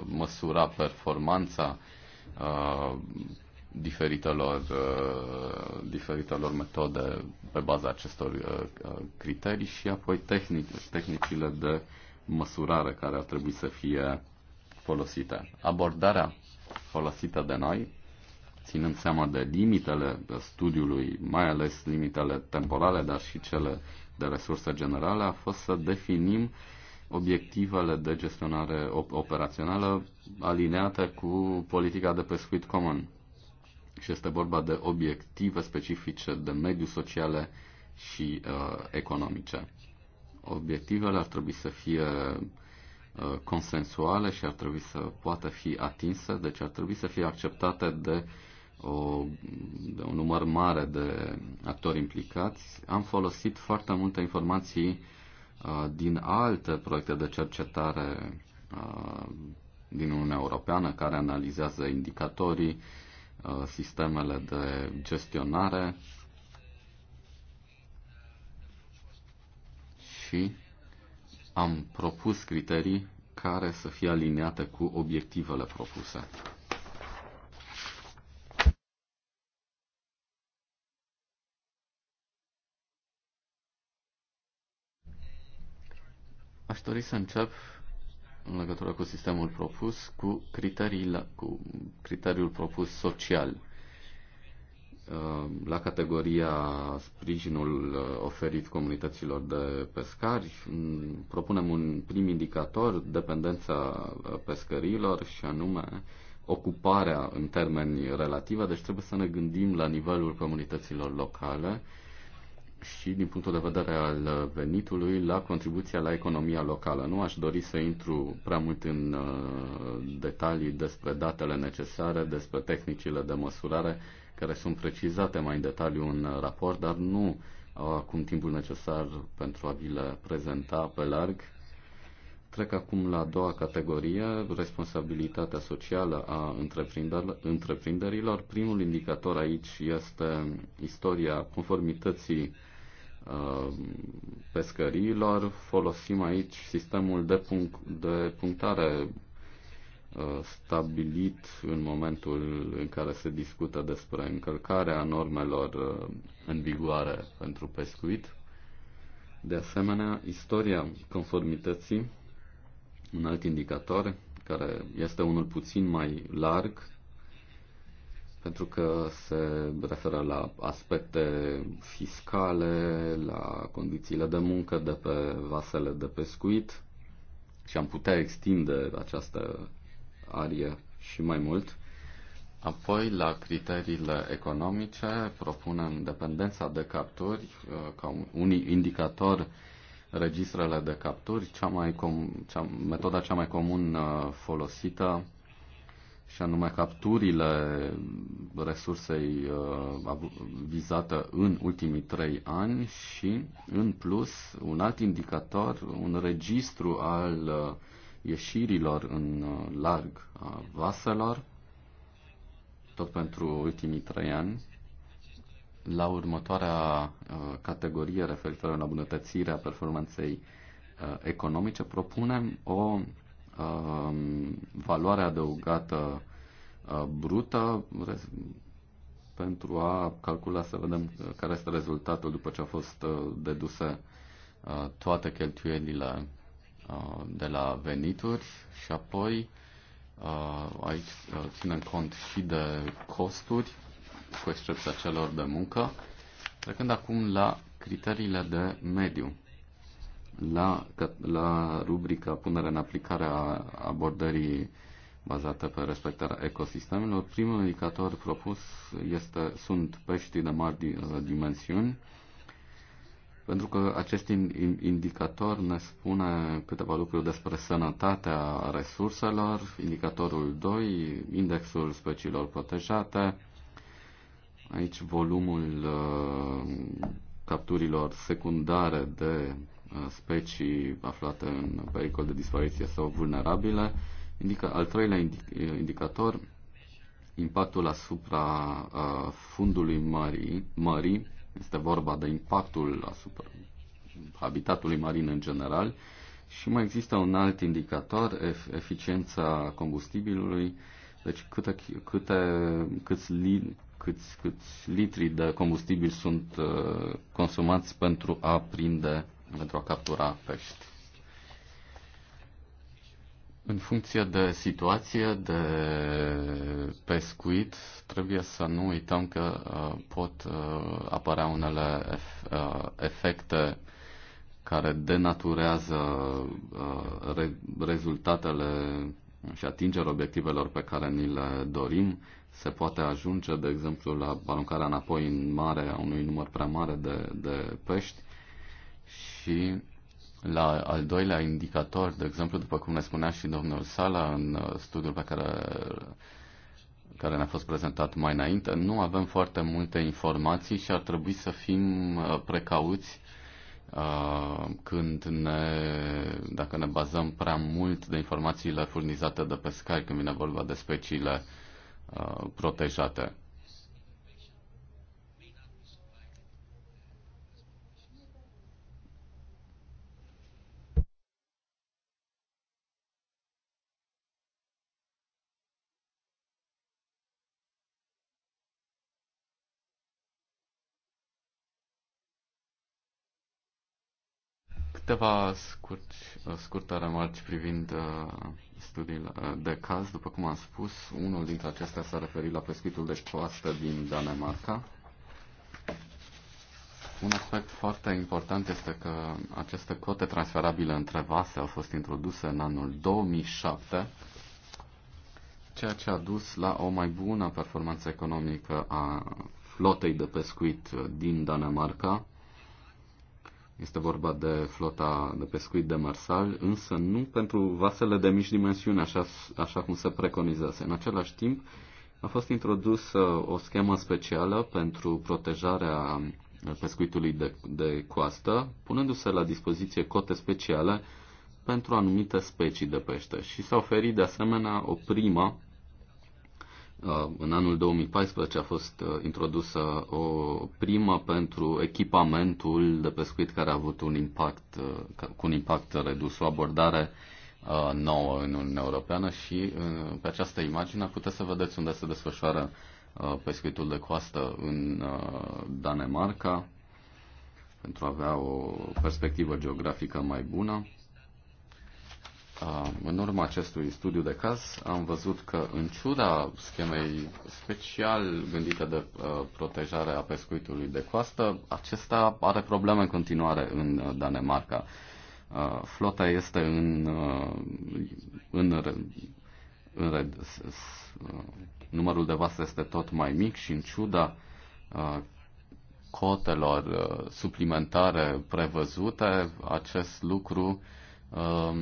măsura performanța uh, diferitelor, uh, diferitelor metode pe baza acestor uh, criterii și apoi tehnic, tehnicile de măsurare care ar trebui să fie folosite. Abordarea folosită de noi, ținând seama de limitele studiului, mai ales limitele temporale, dar și cele de resurse generale, a fost să definim obiectivele de gestionare operațională alineate cu politica de pescuit comun și este vorba de obiective specifice de mediu sociale și uh, economice. Obiectivele ar trebui să fie uh, consensuale și ar trebui să poată fi atinse, deci ar trebui să fie acceptate de, o, de un număr mare de actori implicați. Am folosit foarte multe informații uh, din alte proiecte de cercetare uh, din Uniunea Europeană care analizează indicatorii, uh, Uh, sistemele de gestionare și am propus criterii care să fie aliniate cu obiectivele propuse. Aș dori să încep în legătură cu sistemul propus, cu, criteriile, cu criteriul propus social uh, la categoria sprijinul uh, oferit comunităților de pescari. Mm, propunem un prim indicator, dependența uh, pescărilor și anume ocuparea în termeni relative, deci trebuie să ne gândim la nivelul comunităților locale și din punctul de vedere al venitului la contribuția la economia locală. Nu aș dori să intru prea mult în uh, detalii despre datele necesare, despre tehnicile de măsurare care sunt precizate mai în detaliu în raport, dar nu au acum timpul necesar pentru a vi le prezenta pe larg. Trec acum la a doua categorie, responsabilitatea socială a întreprinderilor. Primul indicator aici este istoria conformității Uh, pescăriilor, folosim aici sistemul de, punct, de punctare uh, stabilit în momentul în care se discută despre încălcarea normelor uh, în vigoare pentru pescuit. De asemenea, istoria conformității, un alt indicator, care este unul puțin mai larg, pentru că se referă la aspecte fiscale, la condițiile de muncă de pe vasele de pescuit și am putea extinde această arie și mai mult. Apoi, la criteriile economice, propunem dependența de capturi uh, ca un indicator registrele de capturi, cea mai com- cea, metoda cea mai comun uh, folosită și anume capturile resursei uh, vizată în ultimii trei ani și, în plus, un alt indicator, un registru al uh, ieșirilor în uh, larg a vaselor, tot pentru ultimii trei ani, la următoarea categorie referitoare la bunătățirea performanței economice, propunem o Um, valoarea adăugată uh, brută pentru a calcula să vedem uh, care este rezultatul după ce a fost uh, deduse toate cheltuielile de la venituri și apoi aici ținem cont și de costuri, cu excepția celor de muncă, trecând acum la criteriile de mediu la, la rubrica punerea în aplicare a abordării bazată pe respectarea ecosistemelor, primul indicator propus este, sunt peștii de mari uh, dimensiuni, pentru că acest indicator ne spune câteva lucruri despre sănătatea resurselor, indicatorul 2, indexul speciilor protejate, aici volumul uh, capturilor secundare de uh, specii aflate în pericol de dispariție sau vulnerabile. Indică, al treilea uh, indicator, impactul asupra uh, fundului mării, mării, este vorba de impactul asupra habitatului marin în general, și mai există un alt indicator, eficiența combustibilului, deci câte, câte, câți, li, câți, câți litri de combustibil sunt uh, consumați pentru a prinde, pentru a captura pești. În funcție de situație, de pescuit, trebuie să nu uităm că uh, pot uh, apărea unele efecte care denaturează rezultatele și atingerea obiectivelor pe care ni le dorim se poate ajunge, de exemplu, la aruncarea înapoi în mare a unui număr prea mare de, de pești și la al doilea indicator, de exemplu, după cum ne spunea și domnul Sala în uh, studiul pe care, care ne-a fost prezentat mai înainte, nu avem foarte multe informații și ar trebui să fim uh, precauți uh, când ne, dacă ne bazăm prea mult de informațiile furnizate de pescari când vine vorba de speciile uh, Uh, protejate. Câteva scurt, scurte remarci privind uh, studiile uh, de caz. După cum am spus, unul dintre acestea s-a referit la pescuitul de coastă din Danemarca. Un aspect foarte important este că aceste cote transferabile între vase au fost introduse în anul 2007, ceea ce a dus la o mai bună performanță economică a flotei de pescuit din Danemarca, este vorba de flota de pescuit de demersal, însă nu pentru vasele de mici dimensiuni, așa, așa cum se preconizase. În același timp, a fost introdusă o schemă specială pentru protejarea pescuitului de, de coastă, punându-se la dispoziție cote speciale pentru anumite specii de pește și s-a oferit de asemenea o primă Uh, în anul 2014 a fost uh, introdusă o primă pentru echipamentul de pescuit care a avut un impact, uh, cu un impact redus, o abordare nouă în Uniunea Europeană și pe această imagine puteți să vedeți unde se desfășoară pescuitul de coastă în Danemarca pentru a avea o perspectivă geografică mai bună în urma acestui studiu de caz am văzut că în ciuda schemei special gândite de protejare a pescuitului de coastă, acesta are probleme în continuare în Danemarca. Flota este în, în, în numărul de vase este tot mai mic și în ciuda cotelor suplimentare prevăzute, acest lucru uh, Ehm,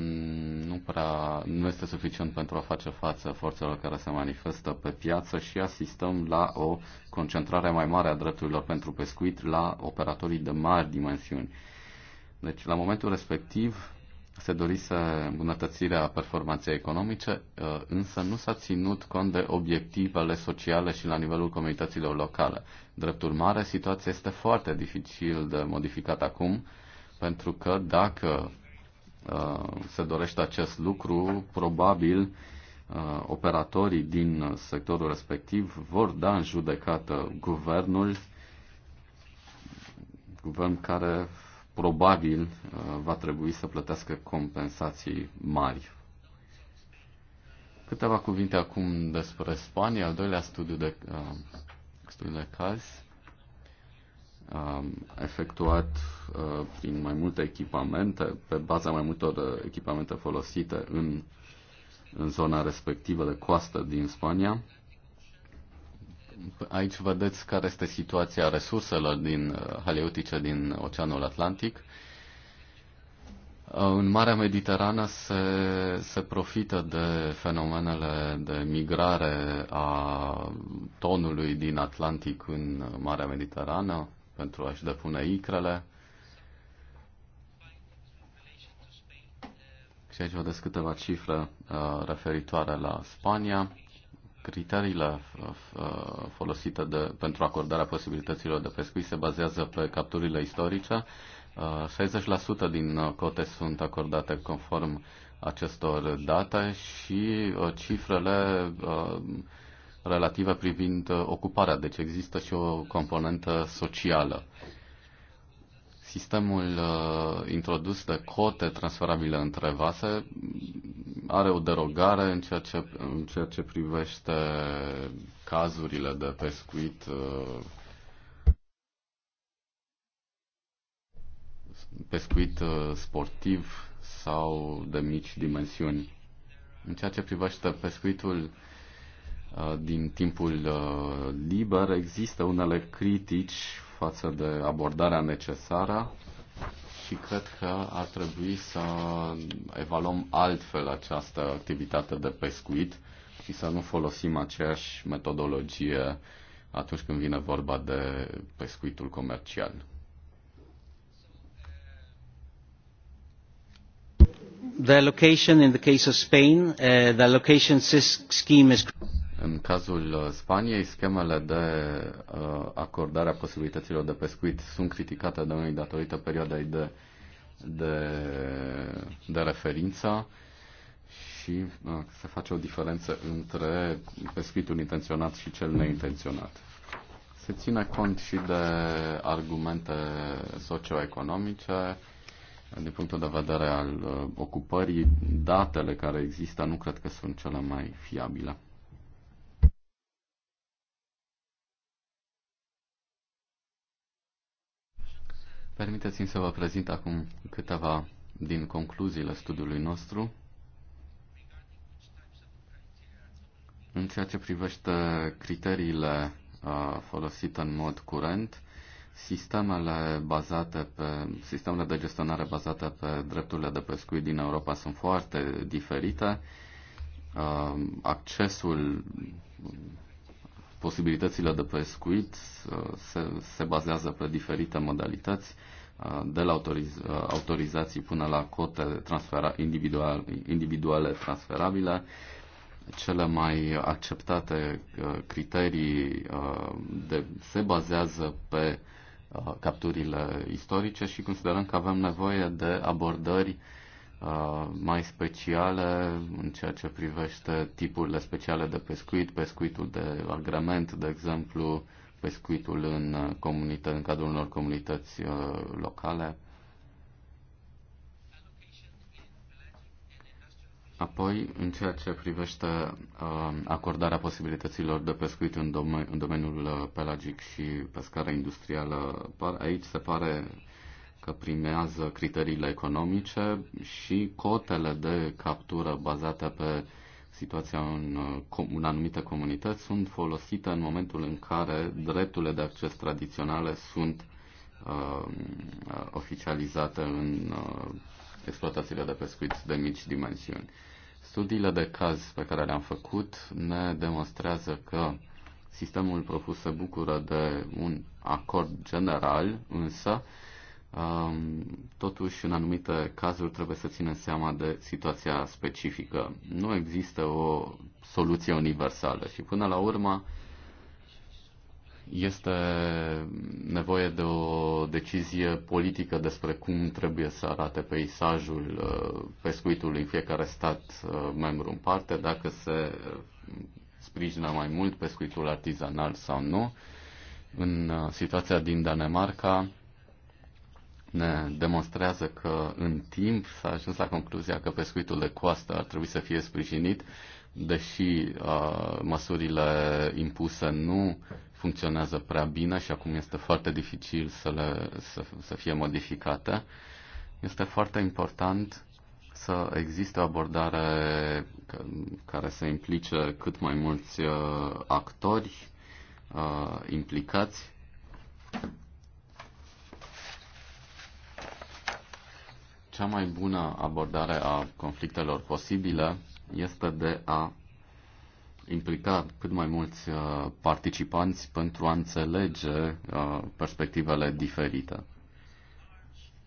nu prea nu este suficient pentru a face față forțelor care se manifestă pe piață și asistăm la o concentrare mai mare a drepturilor pentru pescuit la operatorii de mari dimensiuni. Deci, la momentul respectiv, se dorise îmbunătățirea performanței economice, eh, însă nu s-a ținut cont de obiectivele sociale și la nivelul comunităților locale. Drept urmare, situația este foarte dificil de modificat acum, pentru că dacă Uh, se dorește acest lucru, probabil uh, operatorii din sectorul respectiv vor da în judecată guvernul, guvern care probabil uh, va trebui să plătească compensații mari. Câteva cuvinte acum despre Spania, al doilea studiu de, studiu de caz efectuat uh, prin mai multe echipamente, pe baza mai multor uh, echipamente folosite în, în zona respectivă de coastă din Spania. Aici vedeți care este situația resurselor din uh, haleutice din Oceanul Atlantic. În Marea Mediterană se, se profită de fenomenele de migrare a tonului din Atlantic în Marea Mediterană, pentru a-și depune icrele. Și aici vedeți câteva cifre uh, referitoare la Spania. Criteriile uh, uh, folosite de, pentru acordarea posibilităților de pescuit se bazează pe capturile istorice. 60% din cote sunt acordate conform acestor date și cifrele relative privind uh, ocuparea, deci există și o componentă socială. Sistemul uh, introdus de cote transferabile între vase are o derogare în ceea ce, în ceea ce privește cazurile de pescuit uh, pescuit uh, sportiv sau de mici dimensiuni. În ceea ce privește pescuitul Uh, din timpul uh, liber, există unele critici față de abordarea necesară și cred că ar trebui să evaluăm altfel această activitate de pescuit și să nu folosim aceeași metodologie atunci când vine vorba de pescuitul comercial. The location in the case of Spain, uh, the location scheme is în cazul uh, Spaniei, schemele de uh, acordare a posibilităților de pescuit sunt criticate de noi datorită perioadei de, de, de referință și uh, se face o diferență între pescuitul intenționat și cel neintenționat. Se ține cont și de argumente socioeconomice, din punctul de vedere al uh, ocupării, datele care există nu cred că sunt cele mai fiabile. Permiteți-mi să vă prezint acum câteva din concluziile studiului nostru. În ceea ce privește criteriile uh, folosite în mod curent, sistemele bazate pe sistemele de gestionare bazate pe drepturile de pescuit din Europa sunt foarte diferite. Uh, accesul, posibilitățile de pescuit uh, se, se bazează pe diferite modalități de la autoriz- autorizații până la cote transfera- individual, individuale transferabile. Cele mai acceptate uh, criterii uh, de, se bazează pe uh, capturile istorice și considerăm că avem nevoie de abordări mai speciale în ceea ce privește tipurile speciale de pescuit, pescuitul de agrement, de exemplu, pescuitul în, uh, comunită, în cadrul unor comunități uh, locale. Apoi, în ceea ce privește uh, acordarea posibilităților de pescuit în, dom- în domeniul uh, pelagic și pescarea industrială, par, aici se pare că primează criteriile economice și cotele de captură bazate pe situația în, uh, în anumite comunități sunt folosite în momentul în care drepturile de acces tradiționale sunt uh, uh, oficializate în uh, exploatațiile de pescuit de mici dimensiuni. Studiile de caz pe care le-am făcut ne demonstrează că sistemul propus se bucură de un acord general, însă uh, Totuși, în anumite cazuri trebuie să ținem seama de situația specifică. Nu există o soluție universală și până la urmă este nevoie de o decizie politică despre cum trebuie să arate peisajul uh, pescuitului în fiecare stat uh, membru în parte, dacă se sprijină mai mult pescuitul artizanal sau nu. În uh, situația din Danemarca, ne demonstrează că în timp s-a ajuns la concluzia că pescuitul de coastă ar trebui să fie sprijinit, deși uh, măsurile impuse nu funcționează prea bine și acum este foarte dificil să, le, să, să fie modificate. Este foarte important să existe o abordare care să implice cât mai mulți uh, actori uh, implicați Cea mai bună abordare a conflictelor posibile este de a implica cât mai mulți uh, participanți pentru a înțelege uh, perspectivele diferite.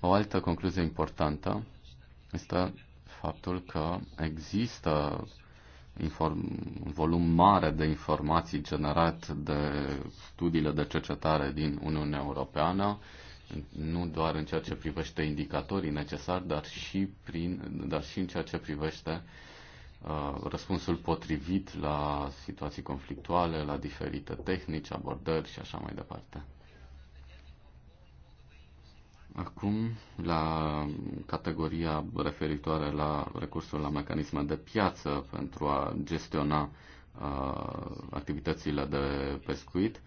O altă concluzie importantă este faptul că există un volum mare de informații generat de studiile de cercetare din Uniunea Europeană, nu doar în ceea ce privește indicatorii necesari, dar și, prin, dar și în ceea ce privește uh, răspunsul potrivit la situații conflictuale, la diferite tehnici, abordări și așa mai departe. Acum, la categoria referitoare la recursul la mecanisme de piață pentru a gestiona uh, activitățile de pescuit, uh,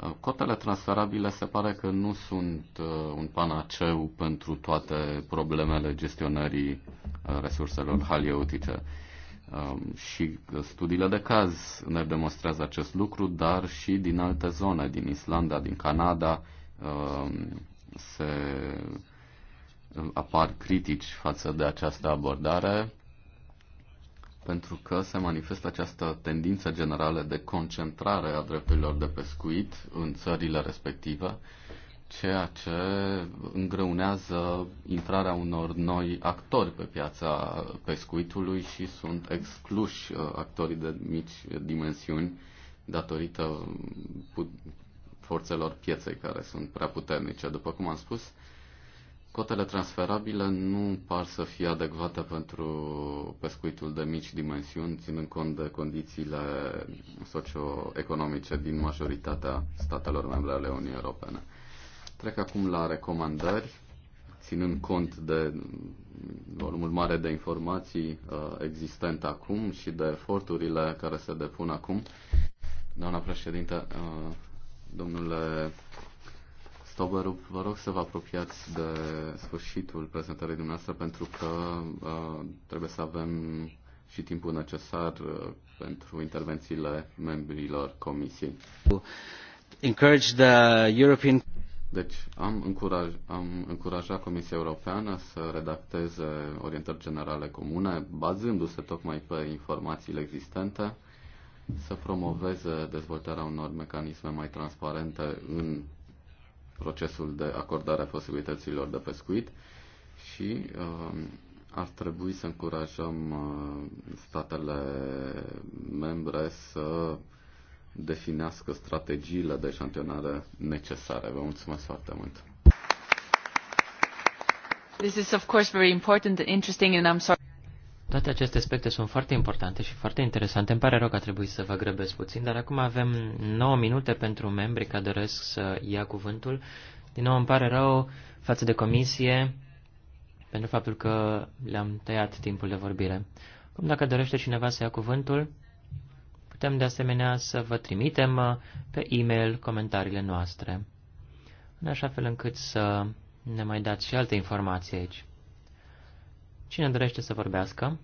Uh, cotele transferabile se pare că nu sunt uh, un panaceu pentru toate problemele gestionării uh, resurselor halieutice. Um, și studiile de caz ne demonstrează acest lucru, dar și din alte zone, din Islanda, din Canada, um, se apar critici față de această abordare pentru că se manifestă această tendință generală de concentrare a drepturilor de pescuit în țările respective, ceea ce îngreunează intrarea unor noi actori pe piața pescuitului și sunt excluși uh, actorii de mici dimensiuni datorită um, forțelor pieței care sunt prea puternice. După cum am spus, Cotele transferabile nu par să fie adecvate pentru pescuitul de mici dimensiuni, ținând cont de condițiile socioeconomice din majoritatea statelor membre ale Uniunii Europene. Trec acum la recomandări, ținând cont de volumul mare de informații uh, existent acum și de eforturile care se depun acum. Doamna președinte, uh, domnule Stoberu, vă rog să vă apropiați de sfârșitul prezentării dumneavoastră pentru că uh, trebuie să avem și timpul necesar uh, pentru intervențiile membrilor comisiei. Encourage the European... Deci am, încuraj, am încurajat Comisia Europeană să redacteze orientări generale comune, bazându-se tocmai pe informațiile existente, să promoveze dezvoltarea unor mecanisme mai transparente în procesul de acordare a posibilităților de pescuit și um, ar trebui să încurajăm uh, statele membre să definească strategiile de șantionare necesare. Vă mulțumesc foarte mult! This is of course very important and interesting and I'm sorry. Toate aceste aspecte sunt foarte importante și foarte interesante. Îmi pare rău că a trebuit să vă grăbesc puțin, dar acum avem 9 minute pentru membrii care doresc să ia cuvântul. Din nou îmi pare rău față de comisie pentru faptul că le-am tăiat timpul de vorbire. Cum dacă dorește cineva să ia cuvântul, putem de asemenea să vă trimitem uh, pe e-mail comentariile noastre, în așa fel încât să ne mai dați și alte informații aici. Cine dorește să vorbească?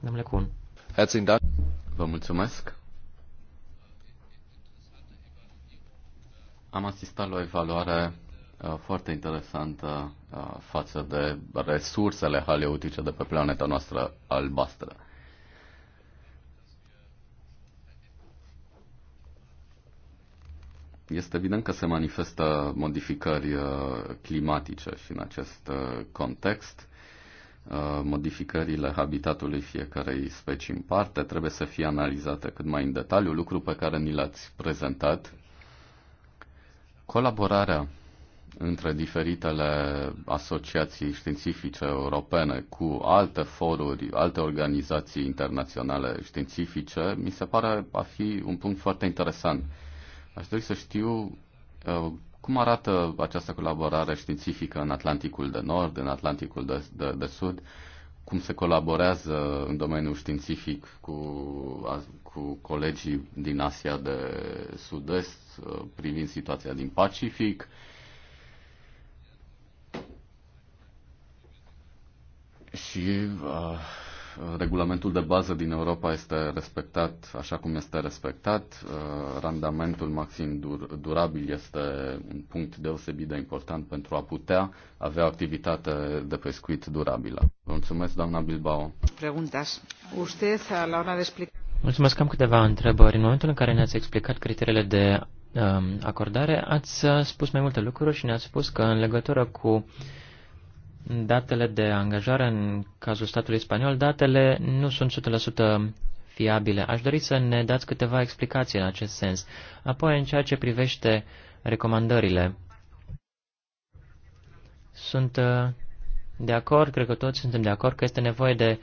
Domnule Cun. Herzlichen Dank. Vă mulțumesc. Am asistat la o evaluare uh, foarte interesantă uh, față de resursele haleutice de pe planeta noastră albastră. Este evident că se manifestă modificări uh, climatice și în acest uh, context uh, modificările habitatului fiecarei specii în parte trebuie să fie analizate cât mai în detaliu, lucru pe care ni l-ați prezentat. Colaborarea între diferitele asociații științifice europene cu alte foruri, alte organizații internaționale științifice, mi se pare a fi un punct foarte interesant Aș dori să știu uh, cum arată această colaborare științifică în Atlanticul de Nord, în Atlanticul de, de, de Sud, cum se colaborează în domeniul științific cu, cu colegii din Asia de Sud-Est uh, privind situația din Pacific. Și uh, regulamentul de bază din Europa este respectat așa cum este respectat, uh, randamentul maxim dur- durabil este un punct deosebit de important pentru a putea avea activitate de pescuit durabilă. Vă mulțumesc, doamna Bilbao. Preguntas. Usted, la hora de explica... Mulțumesc, am câteva întrebări. În momentul în care ne-ați explicat criteriile de um, acordare, ați uh, spus mai multe lucruri și ne-ați spus că în legătură cu uh, datele de angajare în cazul statului spaniol, datele nu sunt 100% fiabile. Aș dori să ne dați câteva explicații în acest sens. Apoi, în ceea ce privește recomandările, sunt uh, de acord, cred că toți suntem de acord că este nevoie de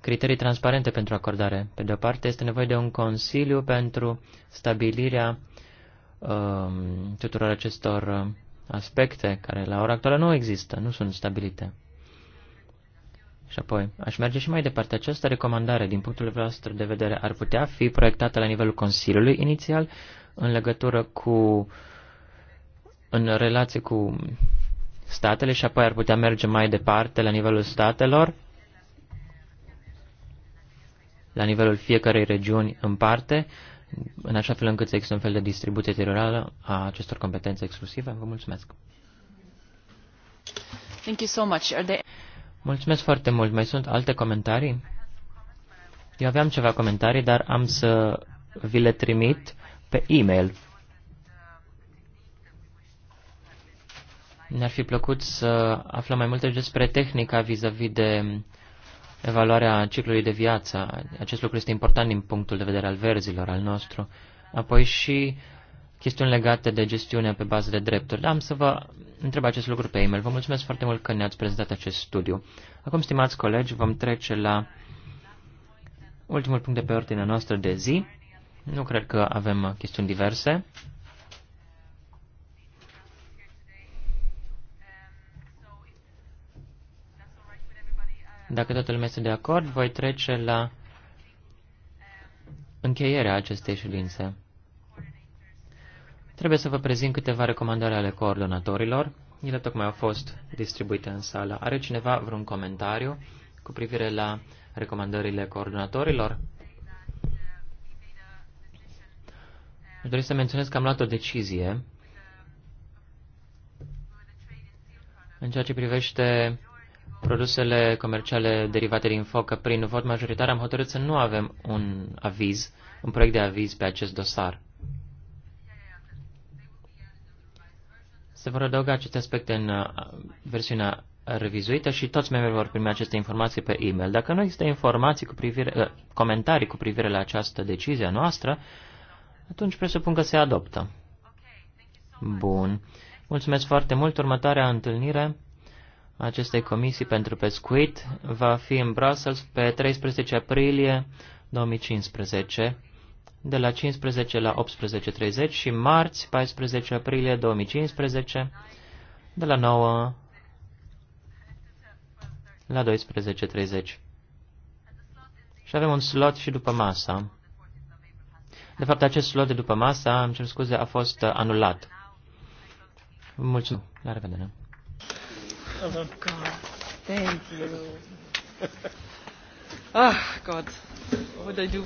criterii transparente pentru acordare. Pe de o parte, este nevoie de un consiliu pentru stabilirea uh, tuturor acestor uh, aspecte care la ora actuală nu există, nu sunt stabilite. Și apoi, aș merge și mai departe. Această recomandare, din punctul vostru de vedere, ar putea fi proiectată la nivelul Consiliului inițial, în legătură cu, în relație cu statele și apoi ar putea merge mai departe la nivelul statelor, la nivelul fiecarei regiuni în parte, în așa fel încât să există un fel de distribuție teritorială a acestor competențe exclusive. Vă mulțumesc. Thank you so much. Are they... Mulțumesc foarte mult. Mai sunt alte comentarii? Eu aveam ceva comentarii, dar am să vi le trimit pe e-mail. Ne-ar fi plăcut să aflăm mai multe despre tehnica vis-a-vis -vis de evaluarea ciclului de viață. Acest lucru este important din punctul de vedere al verzilor, al nostru. Apoi și chestiuni legate de gestiune pe bază de drepturi. Am să vă întreb acest lucru pe e-mail. Vă mulțumesc foarte mult că ne-ați prezentat acest studiu. Acum, stimați colegi, vom trece la ultimul punct de pe ordinea noastră de zi. Nu cred că avem chestiuni diverse. Dacă toată lumea este de acord, voi trece la încheierea acestei ședințe. Trebuie să vă prezint câteva recomandări ale coordonatorilor. Ele tocmai au fost distribuite în sală. Are cineva vreun comentariu cu privire la recomandările coordonatorilor? Aș dori să menționez că am luat o decizie în ceea ce privește produsele comerciale derivate din foc, că prin vot majoritar am hotărât să nu avem un aviz, un proiect de aviz pe acest dosar. Se vor adăuga aceste aspecte în uh, versiunea revizuită și toți membrii vor primi aceste informații pe e-mail. Dacă nu există informații cu privire, uh, comentarii cu privire la această decizie a noastră, atunci presupun că se adoptă. Bun. Mulțumesc foarte mult. Următoarea întâlnire acestei comisii pentru pescuit va fi în Brussels pe 13 aprilie 2015 de la 15 la 18.30 și marți 14 aprilie 2015 de la 9 la 12.30. Și avem un slot și după masa. De fapt, acest slot de după masa, îmi cer scuze, a fost anulat. Mulțumesc. La revedere. Oh, God. Thank you. Ah, oh, God. What did I do?